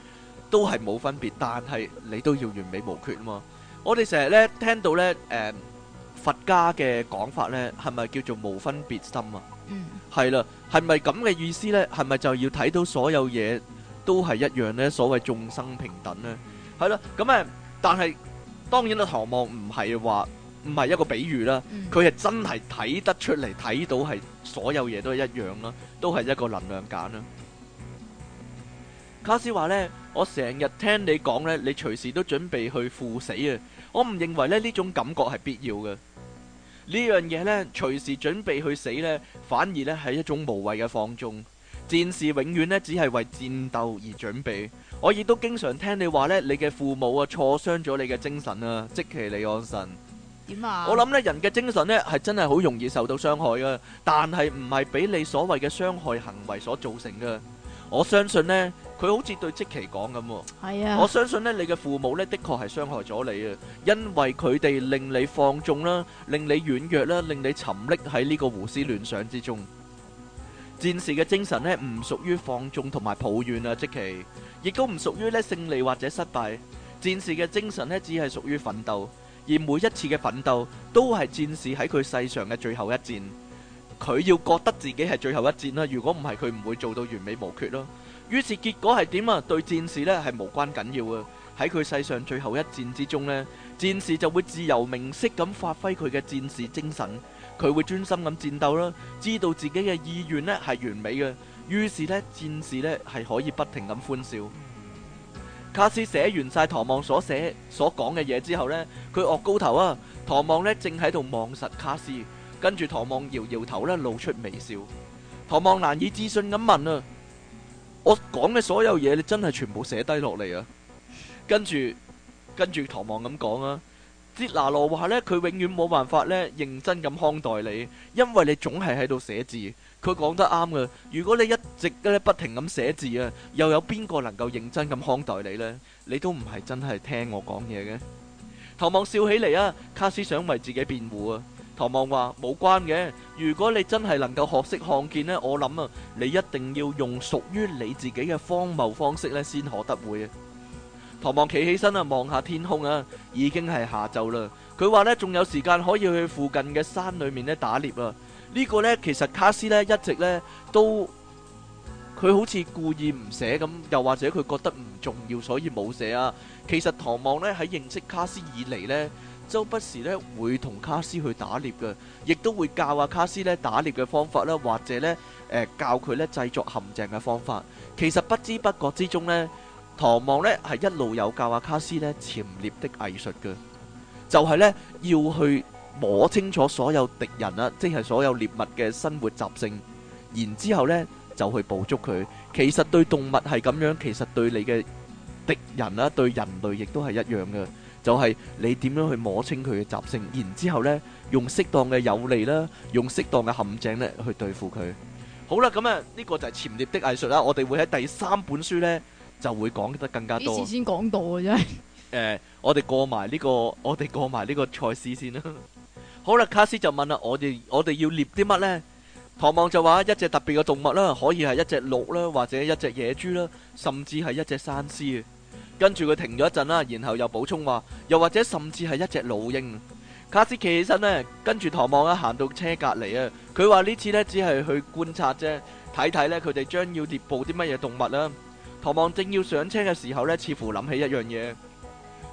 Speaker 2: 都係冇分別，但係你都要完美無缺啊嘛。我哋成日咧聽到咧誒。佛家嘅講法咧，係咪叫做無分別心啊？嗯，係啦，係咪咁嘅意思咧？係咪就要睇到所有嘢都係一樣咧？所謂眾生平等咧，係啦咁啊。但係當然啊，唐望唔係話唔係一個比喻啦，佢係真係睇得出嚟，睇到係所有嘢都係一樣啦，都係一個能量揀啦。卡斯話咧，我成日聽你講咧，你隨時都準備去赴死啊！我唔認為咧呢種感覺係必要嘅。呢樣嘢呢，隨時準備去死呢，反而呢係一種無謂嘅放縱。戰士永遠呢，只係為戰鬥而準備。我亦都經常聽你話呢，你嘅父母啊，錯傷咗你嘅精神啊，即祈你安神。
Speaker 1: 點啊？我諗
Speaker 2: 呢，人嘅精神呢係真係好容易受到傷害啊，但係唔係俾你所謂嘅傷害行為所造成嘅。我相信呢。佢好似對即其講咁喎，哎、
Speaker 1: 呀我相
Speaker 2: 信呢，你嘅父母呢，的確係傷害咗你啊，因為佢哋令你放縱啦，令你軟弱啦，令你沉溺喺呢個胡思亂想之中。戰士嘅精神呢，唔屬於放縱同埋抱怨啊，即其亦都唔屬於呢勝利或者失敗。戰士嘅精神呢，只係屬於奮鬥，而每一次嘅奮鬥都係戰士喺佢世上嘅最後一戰。佢要覺得自己係最後一戰啦，如果唔係，佢唔會做到完美無缺咯。於是結果係點啊？對戰士呢係無關緊要嘅。喺佢世上最後一戰之中呢，戰士就會自由明識咁發揮佢嘅戰士精神。佢會專心咁戰鬥啦，知道自己嘅意願呢係完美嘅。於是呢，戰士呢係可以不停咁歡笑。卡斯寫完晒唐望所寫所講嘅嘢之後呢，佢惡高頭啊！唐望呢正喺度望實卡斯，跟住唐望搖搖頭呢露出微笑。唐望難以置信咁問啊！我講嘅所有嘢，你真係全部寫低落嚟啊！跟住跟住，唐望咁講啊，傑拿羅話呢，佢永遠冇辦法呢認真咁看待你，因為你總係喺度寫字。佢講得啱噶，如果你一直呢不停咁寫字啊，又有邊個能夠認真咁看待你呢？你都唔係真係聽我講嘢嘅。唐望笑起嚟啊，卡斯想為自己辯護啊。唐望話冇關嘅，如果你真係能夠學識看見呢，我諗啊，你一定要用屬於你自己嘅荒謬方式呢，先可得會啊！唐望企起身啊，望下天空啊，已經係下晝啦。佢話呢，仲有時間可以去附近嘅山裏面呢打獵啊！呢個呢，其實卡斯呢一直呢都，佢好似故意唔寫咁，又或者佢覺得唔重要，所以冇寫啊。其實唐望呢，喺認識卡斯以嚟呢，周不時咧會同卡斯去打獵嘅，亦都會教阿、啊、卡斯咧打獵嘅方法啦，或者咧誒、呃、教佢咧製作陷阱嘅方法。其實不知不覺之中咧，唐望咧係一路有教阿、啊、卡斯咧潛獵的藝術嘅，就係、是、咧要去摸清楚所有敵人啦，即係所有獵物嘅生活習性，然之後咧就去捕捉佢。其實對動物係咁樣，其實對你嘅敵人啦，對人類亦都係一樣嘅。就係你點樣去摸清佢嘅習性，然之後呢用適當嘅有利啦，用適當嘅陷阱咧去對付佢。好啦，咁啊呢個就係潛獵的藝術啦。我哋會喺第三本書呢就會講得更加多。事先
Speaker 1: 講到嘅
Speaker 2: 啫，我哋過埋呢個，我哋過埋呢個賽事先啦。好啦，卡斯就問啦，我哋我哋要獵啲乜呢？唐望就話一隻特別嘅動物啦，可以係一隻鹿啦，或者一隻野豬啦，甚至係一隻山獅。跟住佢停咗一陣啦，然後又補充話，又或者甚至係一隻老鷹。卡斯企起身呢，跟住唐望啊，行到車隔籬啊。佢話呢次呢，只係去觀察啫，睇睇呢佢哋將要獵捕啲乜嘢動物啦。唐望正要上車嘅時候呢，似乎諗起一樣嘢。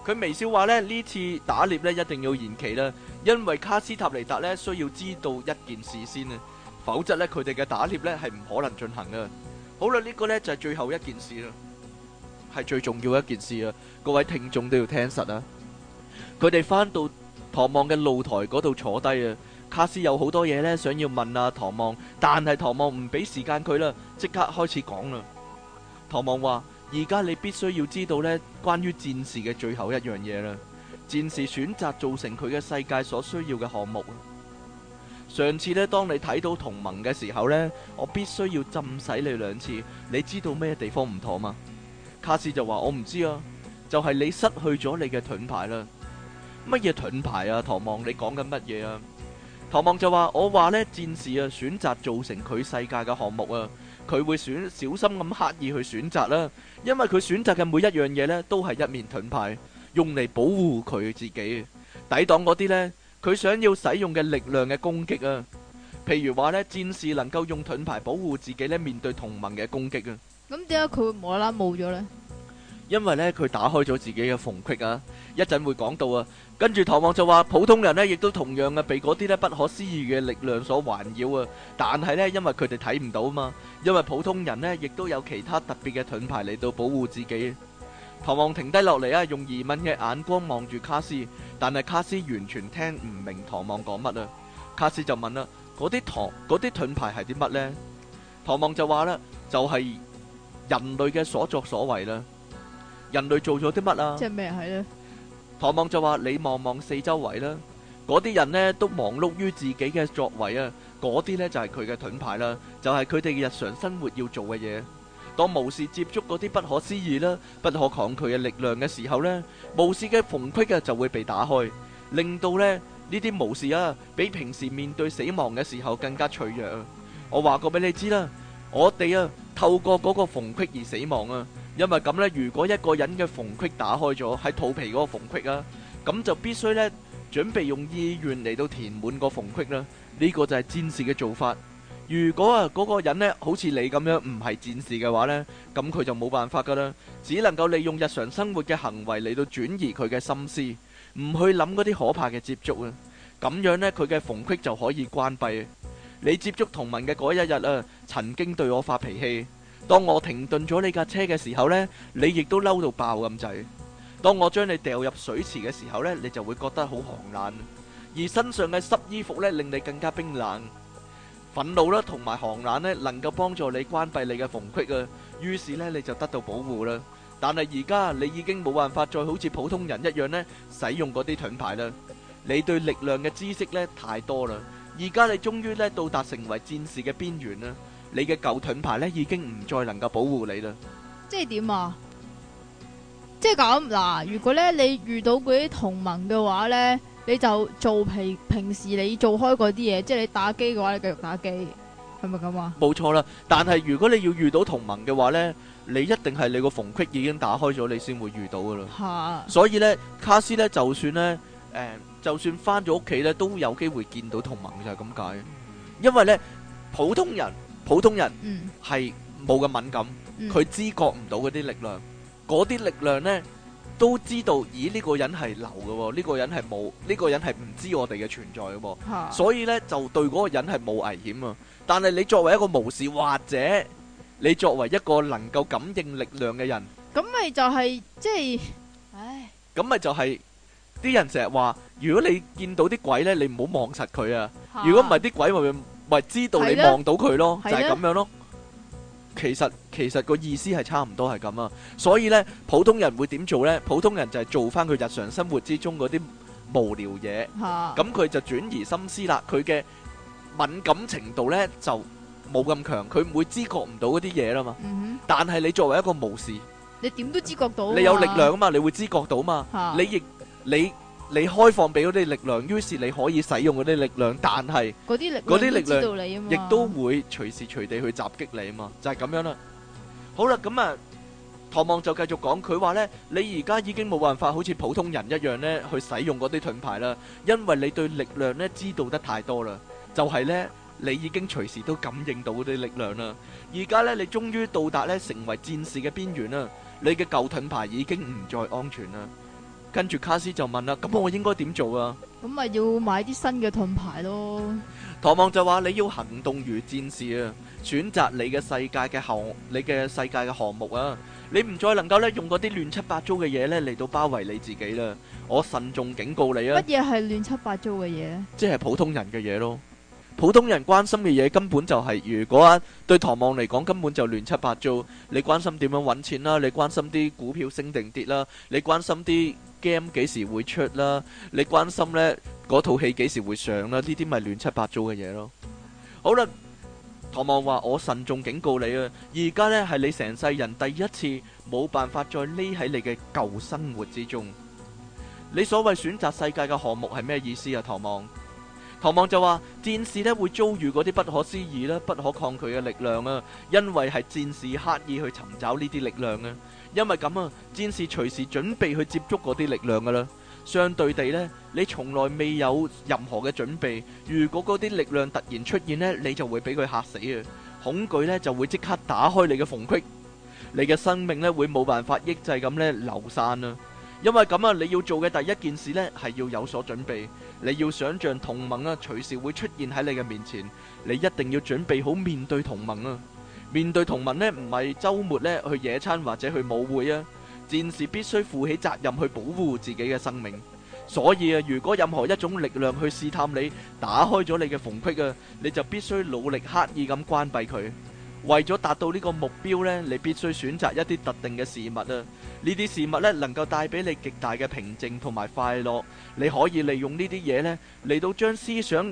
Speaker 2: 佢微笑話呢，呢次打獵咧一定要延期啦，因為卡斯塔尼達呢，需要知道一件事先啊，否則呢，佢哋嘅打獵咧係唔可能進行噶。好啦，呢個呢，就係最後一件事啦。係最重要一件事啊！各位聽眾都要聽實啊！佢哋返到唐望嘅露台嗰度坐低啊。卡斯有好多嘢呢，想要問啊唐望，但係唐望唔俾時間佢啦，即刻開始講啦。唐望話：而家你必須要知道呢，關於戰士嘅最後一樣嘢啦。戰士選擇造成佢嘅世界所需要嘅項目。上次呢，當你睇到同盟嘅時候呢，我必須要浸死你兩次。你知道咩地方唔妥嘛？卡斯就話：我唔知啊，就係你失去咗你嘅盾牌啦。乜嘢盾牌啊？唐望你講緊乜嘢啊？唐望就話：我話呢，戰士啊，選擇造成佢世界嘅項目啊，佢會選小心咁刻意去選擇啦，因為佢選擇嘅每一樣嘢呢，都係一面盾牌，用嚟保護佢自己，抵擋嗰啲呢，佢想要使用嘅力量嘅攻擊啊。譬如話呢，戰士能夠用盾牌保護自己呢，面對同盟嘅攻擊啊。
Speaker 1: 咁點解佢會無啦啦冇咗呢？
Speaker 2: 因為呢，佢打開咗自己嘅縫隙啊！一陣會講到啊。跟住唐望就話，普通人呢亦都同樣嘅被嗰啲咧不可思議嘅力量所環繞啊。但係呢，因為佢哋睇唔到啊嘛。因為普通人呢亦都有其他特別嘅盾牌嚟到保護自己。唐望停低落嚟啊，用疑問嘅眼光望住卡斯，但係卡斯完全聽唔明唐望講乜啊。卡斯就問啦，嗰啲盾嗰啲盾牌係啲乜呢？唐望就話啦，就係、是。人類嘅所作所為啦，人類做咗啲乜啊？即係咩係咧？唐望就話：你望望四周圍啦，嗰啲人咧都忙碌於自己嘅作為啊，嗰啲咧就係佢嘅盾牌啦，就係佢哋嘅日常生活要做嘅嘢。當巫師接觸嗰啲不可思議啦、不可抗拒嘅力量嘅時候咧，巫師嘅縫隙嘅就會被打開，令到咧呢啲巫師啊，比平時面對死亡嘅時候更加脆弱啊！我話過俾你知啦，我哋啊。透過嗰個縫隙而死亡啊！因為咁咧，如果一個人嘅縫隙打開咗喺肚皮嗰個縫隙啊，咁就必須咧準備用醫院嚟到填滿個縫隙啦。呢個就係戰士嘅做法。如果啊嗰個人咧好似你咁樣唔係戰士嘅話咧，咁佢就冇辦法噶啦，只能夠利用日常生活嘅行為嚟到轉移佢嘅心思，唔去諗嗰啲可怕嘅接觸啊。咁樣咧佢嘅縫隙就可以關閉。你接觸同盟嘅嗰一日啊，曾經對我發脾氣。當我停頓咗你架車嘅時候咧，你亦都嬲到爆咁滯。當我將你掉入水池嘅時候咧，你就會覺得好寒冷，而身上嘅濕衣服咧令你更加冰冷。憤怒啦，同埋寒冷咧，能夠幫助你關閉你嘅縫隙啊。於是咧，你就得到保護啦。但係而家你已經冇辦法再好似普通人一樣咧，使用嗰啲盾牌啦。你對力量嘅知識咧太多啦。而家你終於咧到達成為戰士嘅邊緣啦，你嘅舊盾牌咧已經唔再能夠保護你啦。
Speaker 1: 即係點啊？即係咁嗱，如果咧你遇到嗰啲同盟嘅話咧，你就做平平時你做開嗰啲嘢，即係你打機嘅話，你繼續打機係咪咁啊？
Speaker 2: 冇錯啦，但係如果你要遇到同盟嘅話咧，你一定係你個縫隙已經打開咗，你先會遇到噶啦。係。是的 所以咧，卡斯咧，就算咧，誒、呃。就算翻咗屋企呢，都有機會見到同盟，就係咁解。因為呢，普通人，普通人係冇咁敏感，佢知覺唔到嗰啲力量。嗰啲力量呢，都知道，咦？呢個人係流嘅喎，呢個人係冇，呢個人係唔知我哋嘅存在嘅喎。所以呢，就對嗰個人係冇危險啊。但係你作為一個巫師，或者你作為一個能夠感應力量嘅人，
Speaker 1: 咁咪就係即係，唉，
Speaker 2: 咁咪就係。啲人成日話，如果你見到啲鬼咧，你唔好望實佢啊！如果唔係，啲鬼咪會知道你望到佢咯，就係咁樣咯。其實其實個意思係差唔多係咁啊。所以咧，普通人會點做咧？普通人就係做翻佢日常生活之中嗰啲無聊嘢，咁佢就轉移心思啦。佢嘅敏感程度咧就冇咁強，佢唔會知覺唔到嗰啲嘢啦嘛。但係你作為一個巫師，
Speaker 1: 你點都知覺到，你有力量
Speaker 2: 嘛，你會知覺到嘛，你亦。你你開放俾嗰啲力量，於是你可以使用嗰啲力量，但係嗰
Speaker 1: 啲力嗰啲力量亦都
Speaker 2: 會隨時隨地去襲擊你啊嘛，就係咁樣啦。好啦，咁啊，唐望就繼續講，佢話呢，你而家已經冇辦法好似普通人一樣呢去使用嗰啲盾牌啦，因為你對力量呢知道得太多啦，就係呢你已經隨時都感應到啲力量啦。而家呢，你終於到達呢成為戰士嘅邊緣啦，你嘅舊盾牌已經唔再安全啦。跟住卡斯就問啦，咁我應該點做啊？
Speaker 1: 咁咪要買啲新嘅盾牌咯。
Speaker 2: 唐望就話，你要行動如戰士啊，選擇你嘅世界嘅項，你嘅世界嘅項目啊，你唔再能夠咧用嗰啲亂七八糟嘅嘢咧嚟到包圍你自己啦。我慎重警告你啊！乜嘢
Speaker 1: 係亂七八糟嘅嘢？
Speaker 2: 即係普通人嘅嘢咯，普通人關心嘅嘢根本就係，如果啊對唐望嚟講根本就亂七八糟。你關心點樣搵錢啦？你關心啲股票升定跌啦？你關心啲？game 幾時會出啦？你關心呢套戲幾時會上啦？呢啲咪亂七八糟嘅嘢咯。好啦，唐望話，我慎重警告你啊！而家呢係你成世人第一次冇辦法再匿喺你嘅舊生活之中。你所謂選擇世界嘅項目係咩意思啊？唐望，唐望就話，戰士呢會遭遇嗰啲不可思議啦、不可抗拒嘅力量啊，因為係戰士刻意去尋找呢啲力量啊。因為咁啊，戰士隨時準備去接觸嗰啲力量噶啦。相對地咧，你從來未有任何嘅準備。如果嗰啲力量突然出現咧，你就會俾佢吓死啊！恐懼咧就會即刻打開你嘅縫隙，你嘅生命咧會冇辦法抑制咁咧流散啊。因為咁啊，你要做嘅第一件事咧係要有所準備。你要想象同盟啊，隨時會出現喺你嘅面前。你一定要準備好面對同盟啊！面對同民呢，唔係周末呢去野餐或者去舞會啊！戰士必須負起責任去保護自己嘅生命。所以啊，如果任何一種力量去試探你，打開咗你嘅縫隙啊，你就必須努力刻意咁關閉佢。為咗達到呢個目標呢，你必須選擇一啲特定嘅事物啊！呢啲事物呢，能夠帶俾你極大嘅平靜同埋快樂。你可以利用呢啲嘢呢，嚟到將思想。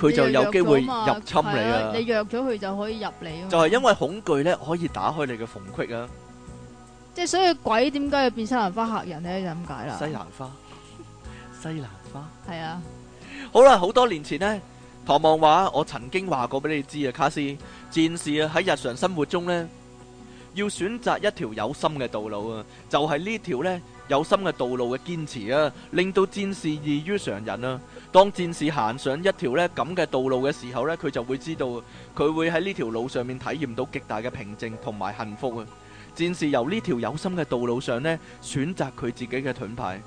Speaker 2: 佢就有機會入侵你啦，你弱
Speaker 1: 咗佢就可以入嚟。就係
Speaker 2: 因為恐懼咧，可以打開你嘅縫隙啊！
Speaker 1: 即係所以鬼點解要變西蘭花嚇人咧？就咁解啦。西蘭
Speaker 2: 花，西
Speaker 1: 蘭花係啊！
Speaker 2: 好啦，好多年前咧，唐望話我曾經話過俾你知啊，卡斯戰士啊喺日常生活中咧，要選擇一條有心嘅道路啊，就係呢條咧有心嘅道路嘅堅持啊，令到戰士異於常人啊！當戰士行上一條呢咁嘅道路嘅時候呢，佢就會知道，佢會喺呢條路上面體驗到極大嘅平靜同埋幸福啊！戰士由呢條有心嘅道路上呢，選擇佢自己嘅盾牌。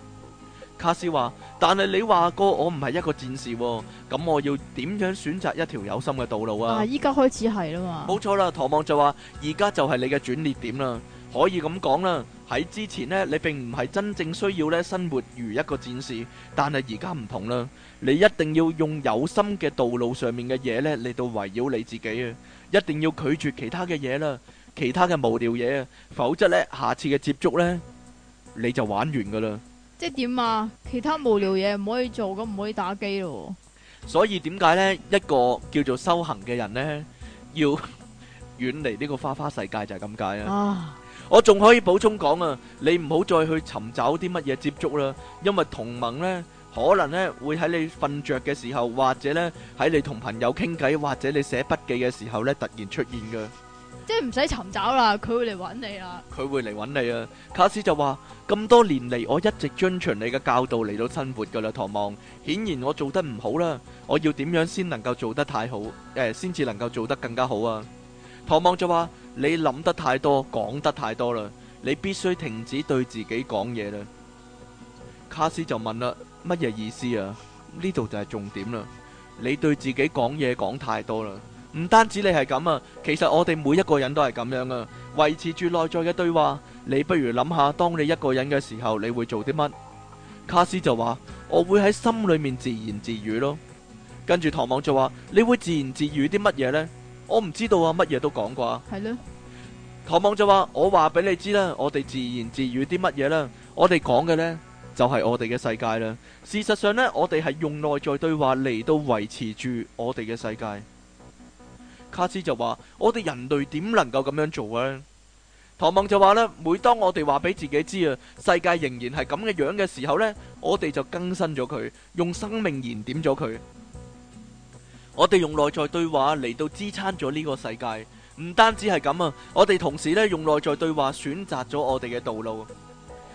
Speaker 2: 卡斯話：，但係你話過我唔係一個戰士，哦，咁我要點樣選擇一條有心嘅道路啊？啊！依
Speaker 1: 家開始係啦嘛。冇
Speaker 2: 錯啦，唐望就話：，而家就係你嘅轉捩點啦，可以咁講啦。喺之前呢，你並唔係真正需要呢生活如一個戰士，但係而家唔同啦，你一定要用有心嘅道路上面嘅嘢呢嚟到圍繞你自己啊！一定要拒絕其他嘅嘢啦，其他嘅無聊嘢啊，否則呢下次嘅接觸呢，你就玩完噶啦！
Speaker 1: 即係點啊？其他無聊嘢唔可以做，咁唔可以打機咯？
Speaker 2: 所以點解呢一個叫做修行嘅人呢，要遠離呢個花花世界就係咁解啊！我仲可以補充講啊，你唔好再去尋找啲乜嘢接觸啦，因為同盟呢可能呢會喺你瞓着嘅時候，或者呢喺你同朋友傾偈，或者你寫筆記嘅時候呢突然出現嘅，
Speaker 1: 即係唔使尋找啦，佢會嚟揾你啦。
Speaker 2: 佢會嚟揾你啊！卡斯就話：咁多年嚟，我一直遵循你嘅教導嚟到生活噶啦。唐望，顯然我做得唔好啦，我要點樣先能夠做得太好？誒，先至能夠做得更加好啊！唐望就話。你諗得太多，講得太多啦！你必須停止對自己講嘢啦。卡斯就問啦：乜嘢意思啊？呢度就係重點啦！你對自己講嘢講太多啦，唔單止你係咁啊，其實我哋每一個人都係咁樣啊！維持住內在嘅對話，你不如諗下，當你一個人嘅時候，你會做啲乜？卡斯就話：我會喺心裏面自言自語咯。跟住唐望就話：你會自言自語啲乜嘢呢？」我唔知道啊，乜嘢都講過。
Speaker 1: 係咯的，
Speaker 2: 唐望就話：我話俾你知啦，我哋自言自語啲乜嘢啦，我哋講嘅呢，就係、是、我哋嘅世界啦。事實上呢，我哋係用內在對話嚟到維持住我哋嘅世界。卡斯就話：我哋人類點能夠咁樣做啊？唐望就話呢，每當我哋話俾自己知啊，世界仍然係咁嘅樣嘅時候呢，我哋就更新咗佢，用生命燃點咗佢。我哋用內在對話嚟到支撐咗呢個世界，唔單止係咁啊！我哋同時呢，用內在對話選擇咗我哋嘅道路，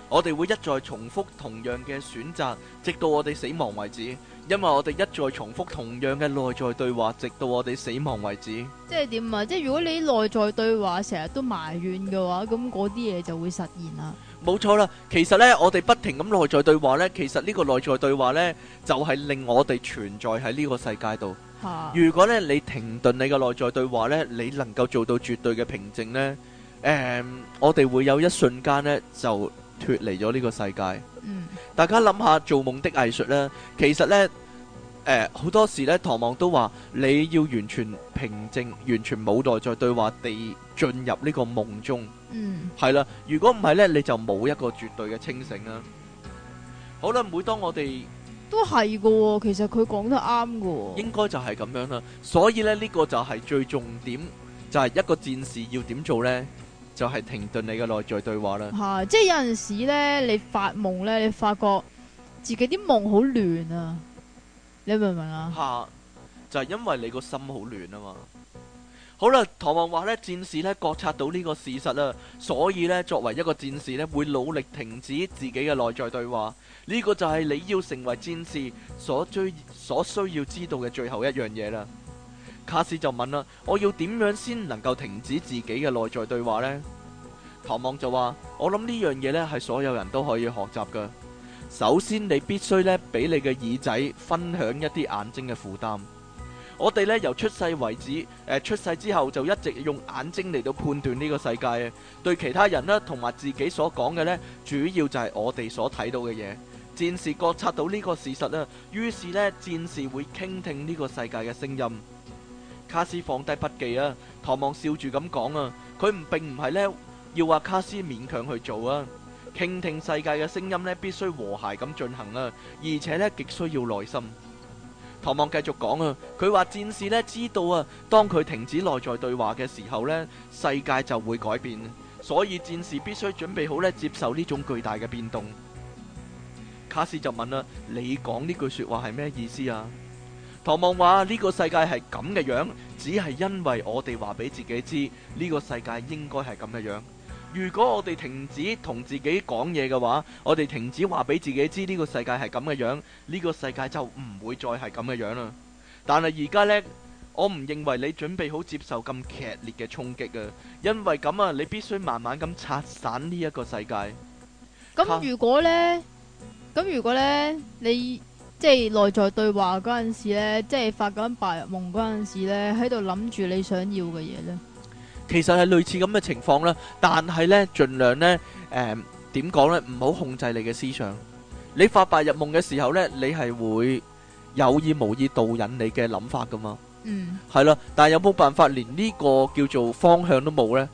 Speaker 2: 我哋會一再重複同樣嘅選擇，直到我哋死亡為止。因為我哋一再重複同樣嘅內在對話，直到我哋死亡為止。
Speaker 1: 即係點啊？即係如果你內在對話成日都埋怨嘅話，咁嗰啲嘢就會實現啦。
Speaker 2: 冇錯啦，其實呢，我哋不停咁內在對話呢，其實呢個內在對話呢，就係令我哋存在喺呢個世界度。如果咧，你停頓你嘅內在對話呢，你能夠做到絕對嘅平靜呢誒、呃，我哋會有一瞬間呢，就脫離咗呢個世界。嗯，大家諗下做夢的藝術呢，其實呢，誒、呃、好多時呢，唐望都話你要完全平靜，完全冇內在對話地進入呢個夢中。嗯，係啦，如果唔係呢，你就冇一個絕對嘅清醒啊。好啦，每當我哋
Speaker 1: 都係噶、哦，其實佢講得啱噶、哦，應
Speaker 2: 該就係咁樣啦。所以咧，呢、這個就係最重點，就係、是、一個戰士要點做呢，就係、是、停頓你嘅內在對話啦。吓、
Speaker 1: 啊，即係有陣時呢，你發夢呢，你發覺自己啲夢好亂啊，你明唔明啊？吓，就係、
Speaker 2: 是、因為你個心好亂啊嘛。好啦，唐望話呢，戰士呢，覺察到呢個事實啦，所以呢，作為一個戰士呢，會努力停止自己嘅內在對話。呢個就係你要成為戰士所追所需要知道嘅最後一樣嘢啦。卡斯就問啦：，我要點樣先能夠停止自己嘅內在對話呢？」唐望就話：，我諗呢樣嘢呢，係所有人都可以學習噶。首先，你必須呢俾你嘅耳仔分享一啲眼睛嘅負擔。我哋呢由出世為止，誒、呃、出世之後就一直用眼睛嚟到判斷呢個世界啊。對其他人呢，同埋自己所講嘅呢，主要就係我哋所睇到嘅嘢。戰士覺察到呢個事實啊，於是呢戰士會傾聽呢個世界嘅聲音。卡斯放低筆記啊，唐望笑住咁講啊，佢唔並唔係呢要話卡斯勉強去做啊。傾聽世界嘅聲音呢必須和諧咁進行啊，而且呢極需要耐心。唐望繼續講啊，佢話戰士呢知道啊，當佢停止內在對話嘅時候呢，世界就會改變，所以戰士必須準備好呢接受呢種巨大嘅變動。卡斯就問啦：你講呢句說話係咩意思啊？唐望話：呢個世界係咁嘅樣，只係因為我哋話俾自己知呢個世界應該係咁嘅樣。如果我哋停止同自己講嘢嘅話，我哋停止話俾自己知呢個世界係咁嘅樣，呢個世界就唔會再係咁嘅樣啦。但係而家呢，我唔認為你準備好接受咁劇烈嘅衝擊啊，因為咁啊，你必須慢慢咁拆散呢一個世界。
Speaker 1: 咁如果呢……咁如果咧，你即係內在對話嗰陣時咧，即係發緊白日夢嗰陣時咧，喺度諗住你想要嘅嘢咧，
Speaker 2: 其實係類似咁嘅情況啦。但係咧，盡量咧，誒，點講咧，唔好控制你嘅思想。你發白日夢嘅時候咧，你係會有意無意導引你嘅諗法噶嘛。嗯，係啦。但係有冇辦法連呢個叫做方向都冇咧？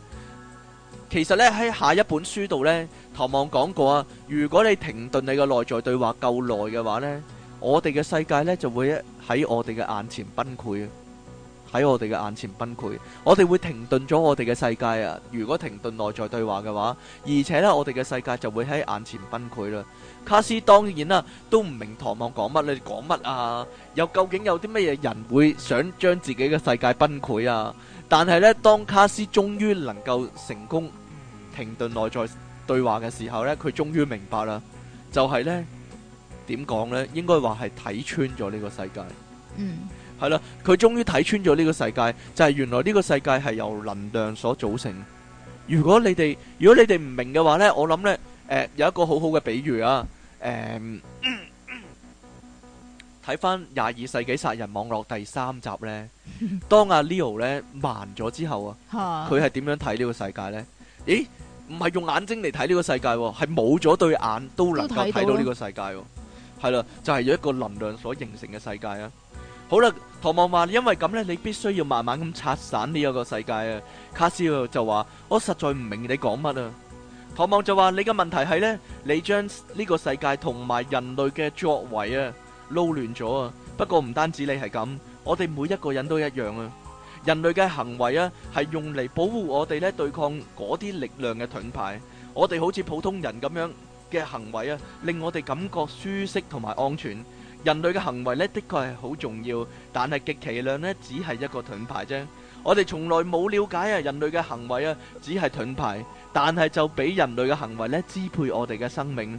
Speaker 2: 其實咧，喺下一本書度呢，唐望講過啊，如果你停頓你嘅內在對話夠耐嘅話呢，我哋嘅世界呢就會喺我哋嘅眼前崩潰，喺我哋嘅眼前崩潰，我哋會停頓咗我哋嘅世界啊！如果停頓內在對話嘅話，而且呢，我哋嘅世界就會喺眼前崩潰啦。卡斯當然啦，啊，都唔明唐望講乜，你哋講乜啊？又究竟有啲乜嘢人會想將自己嘅世界崩潰啊？但係咧，當卡斯終於能夠成功停頓內在對話嘅時候咧，佢終於明白啦，就係咧點講咧，應該話係睇穿咗呢個世界。嗯，係啦，佢終於睇穿咗呢個世界，就係原來呢個世界係由能量所組成。如果你哋如果你哋唔明嘅話咧，我諗咧誒，有一個好好嘅比喻啊，誒。睇翻《廿二世紀殺人網絡》第三集呢， (laughs) 當阿、啊、Leo 咧盲咗之後啊，佢係點樣睇呢個世界呢？咦，唔係用眼睛嚟睇呢個世界喎、啊，係冇咗對眼都能夠睇到呢個世界喎、啊。係啦，就係、是、有一個能量所形成嘅世界啊。好啦，唐望話：因為咁呢，你必須要慢慢咁拆散呢一個世界啊。卡斯就就話：我實在唔明你講乜啊。唐望就話：你嘅問題係呢，你將呢個世界同埋人類嘅作為啊，撈亂咗啊！不過唔單止你係咁，我哋每一個人都一樣啊！人類嘅行為啊，係用嚟保護我哋咧對抗嗰啲力量嘅盾牌。我哋好似普通人咁樣嘅行為啊，令我哋感覺舒適同埋安全。人類嘅行為咧，的確係好重要，但係極其量呢，只係一個盾牌啫。我哋從來冇了解啊，人類嘅行為啊，只係盾牌，但係就俾人類嘅行為咧支配我哋嘅生命。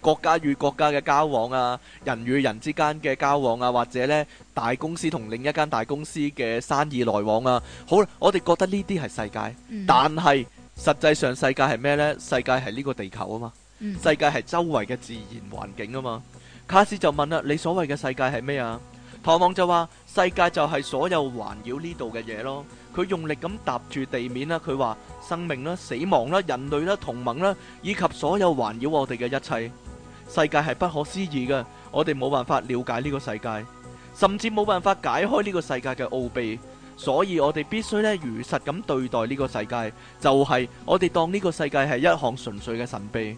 Speaker 2: 國家與國家嘅交往啊，人與人之間嘅交往啊，或者呢大公司同另一間大公司嘅生意來往啊，好啦，我哋覺得呢啲係世界，但係實際上世界係咩呢？世界係呢個地球啊嘛，世界係周圍嘅自然環境啊嘛。卡斯就問啦：你所謂嘅世界係咩啊？唐望就話：世界就係所有環繞呢度嘅嘢咯。佢用力咁踏住地面啦，佢話：生命啦、死亡啦、人類啦、同盟啦，以及所有環繞我哋嘅一切。世界係不可思議嘅，我哋冇辦法了解呢個世界，甚至冇辦法解開呢個世界嘅奧秘，所以我哋必須咧如實咁對待呢個世界，就係我哋當呢個世界係一項純粹嘅神秘。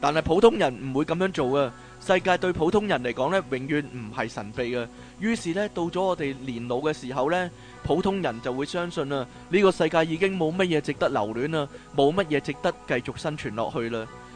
Speaker 2: 但係普通人唔會咁樣做啊。世界對普通人嚟講呢，永遠唔係神秘嘅。於是呢，到咗我哋年老嘅時候呢，普通人就會相信啊，呢個世界已經冇乜嘢值得留戀啊，冇乜嘢值得繼續生存落去啦。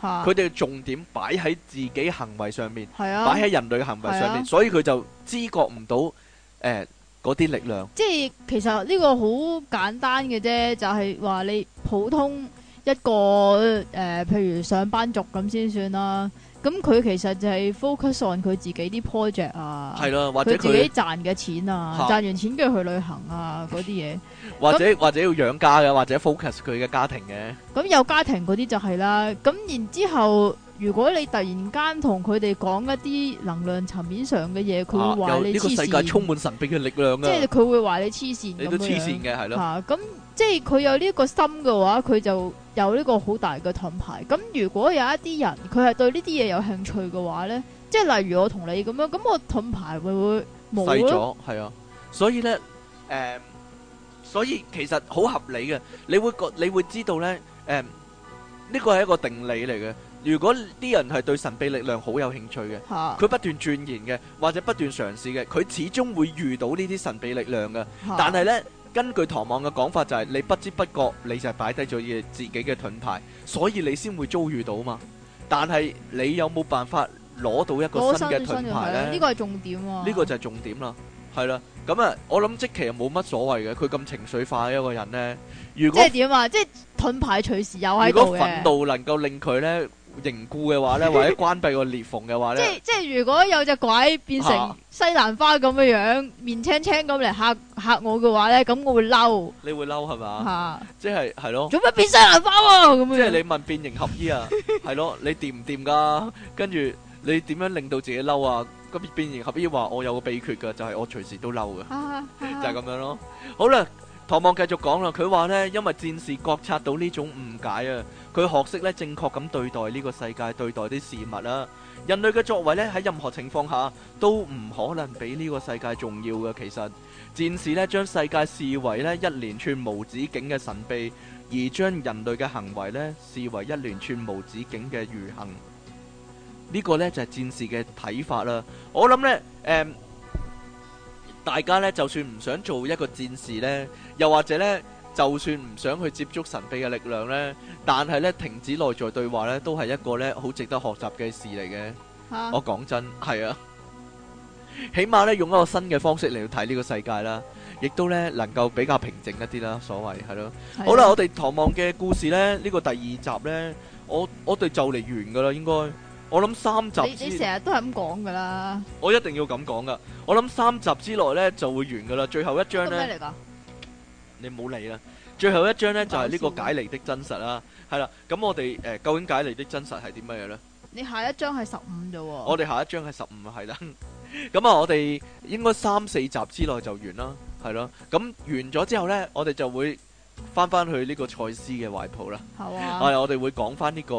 Speaker 2: 佢哋嘅重點擺喺自己行為上面，啊、擺喺人類嘅行為上面，啊、所以佢就知覺唔到嗰啲、呃、力量。
Speaker 1: 即係其實呢個好簡單嘅啫，就係、是、話你普通一個誒、呃，譬如上班族咁先算啦。咁佢其實就係 focus on 佢自己啲 project
Speaker 2: 啊，或者自己
Speaker 1: 賺嘅錢啊，他是 賺完錢跟住去旅行啊嗰啲嘢， (laughs) 或者
Speaker 2: 那或者要養家嘅，或者 focus 佢嘅家庭嘅。
Speaker 1: 咁有家庭嗰啲就係啦，咁然之後，如果你突然間同佢哋講一啲能量層面上嘅嘢，佢會話你黐線。呢、啊、個世界充
Speaker 2: 滿神秘嘅力量、啊、即係
Speaker 1: 佢會話你黐線，你都黐線嘅係咯。嚇咁樣。即係佢有呢個心嘅話，佢就有呢個好大嘅盾牌。咁如果有一啲人佢係對呢啲嘢有興趣嘅話呢，即係例如我同你咁樣，咁我盾牌會唔會冇咗？
Speaker 2: 係啊，所以呢，嗯、所以其實好合理嘅。你會覺你會知道呢，誒、嗯，呢個係一個定理嚟嘅。如果啲人係對神秘力量好有興趣嘅，佢不斷鑽研嘅或者不斷嘗試嘅，佢始終會遇到呢啲神秘力量嘅。但係呢。根據唐望嘅講法就係你不知不覺，你就係擺低咗嘅自己嘅盾牌，所以你先會遭遇到嘛。但係你有冇辦法攞到一個新嘅盾牌咧？呢個係
Speaker 1: 重點。呢個
Speaker 2: 就係重點啦，係啦。咁啊，我諗即其實冇乜所謂嘅，佢咁情緒化嘅一個人咧。如果，即係點
Speaker 1: 啊？即係盾牌隨時有喺度嘅。如果憤怒
Speaker 2: 能夠令佢咧。凝固嘅話咧，或者關閉個裂縫嘅話咧，即係
Speaker 1: 即係如果有隻鬼變成西蘭花咁嘅樣，啊、面青青咁嚟嚇吓我嘅話咧，咁我會嬲，
Speaker 2: 你會嬲係嘛？吓、啊，即係係咯，做乜變西蘭花啊？咁樣，即係你問變形俠醫啊，係 (laughs) 咯，你掂唔掂噶？跟住你點樣令到自己嬲啊？咁變形俠醫話我有個秘訣噶，就係、是、我隨時都嬲嘅，
Speaker 1: 啊啊、就係咁
Speaker 2: 樣咯。好啦。唐望繼續講啦，佢話呢，因為戰士覺察到呢種誤解啊，佢學識咧正確咁對待呢個世界，對待啲事物啦。人類嘅作為呢，喺任何情況下都唔可能比呢個世界重要嘅。其實戰士呢，將世界視為咧一連串無止境嘅神秘，而將人類嘅行為呢，視為一連串無止境嘅愚行。呢、這個呢，就係、是、戰士嘅睇法啦。我諗呢。誒、嗯。大家咧，就算唔想做一個戰士呢，又或者呢，就算唔想去接觸神秘嘅力量呢，但係呢，停止內在對話呢都係一個呢好值得學習嘅事嚟嘅。我講真，係啊，啊 (laughs) 起碼呢，用一個新嘅方式嚟到睇呢個世界啦，亦都呢，能夠比較平靜一啲啦。所謂係咯，啊啊、好啦，我哋《唐望》嘅故事呢，呢、這個第二集呢，我我哋就嚟完噶啦，應該。我諗三集，你你成
Speaker 1: 日都係咁講噶啦。
Speaker 2: 我一定要咁講噶。我諗三集之內咧就會完噶啦，最後一章咧。係
Speaker 1: 咩
Speaker 2: 嚟噶？你冇理啦。最後一章咧就係呢個解離的真實啦。係啦，咁我哋誒究竟解離的真實係點乜嘢咧？
Speaker 1: 你下一章係十五啫喎。我哋
Speaker 2: 下一章係十五啊，係啦。咁啊，我哋應該三四集之內就完啦，係咯。咁完咗之後咧，我哋就會翻翻去呢個賽斯嘅懷抱啦。係啊。係我哋會講翻呢個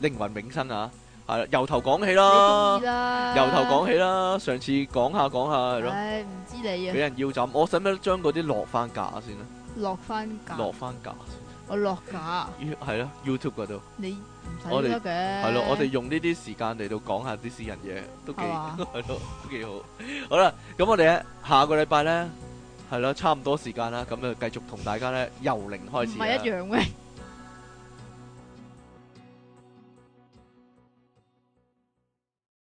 Speaker 2: 靈魂永生啊。係啦，由頭講起啦，啦由頭講起啦。上次講下講下係咯。唉，唔
Speaker 1: 的知你啊。俾人
Speaker 2: 腰斬，我使唔使將嗰啲落翻架先咧？
Speaker 1: 落翻架？落
Speaker 2: 翻架，架？
Speaker 1: 我落架
Speaker 2: ？y o 係咯，YouTube 嗰度。你唔使我哋嘅，係咯，我哋用呢啲時間嚟到講下啲私人嘢，都幾係咯、啊， (laughs) 都幾好。 (laughs) 好啦，咁我哋下個禮拜咧，係咯，差唔多時間啦。咁啊，繼續同大家咧由零開始。唔係一樣
Speaker 1: 嘅。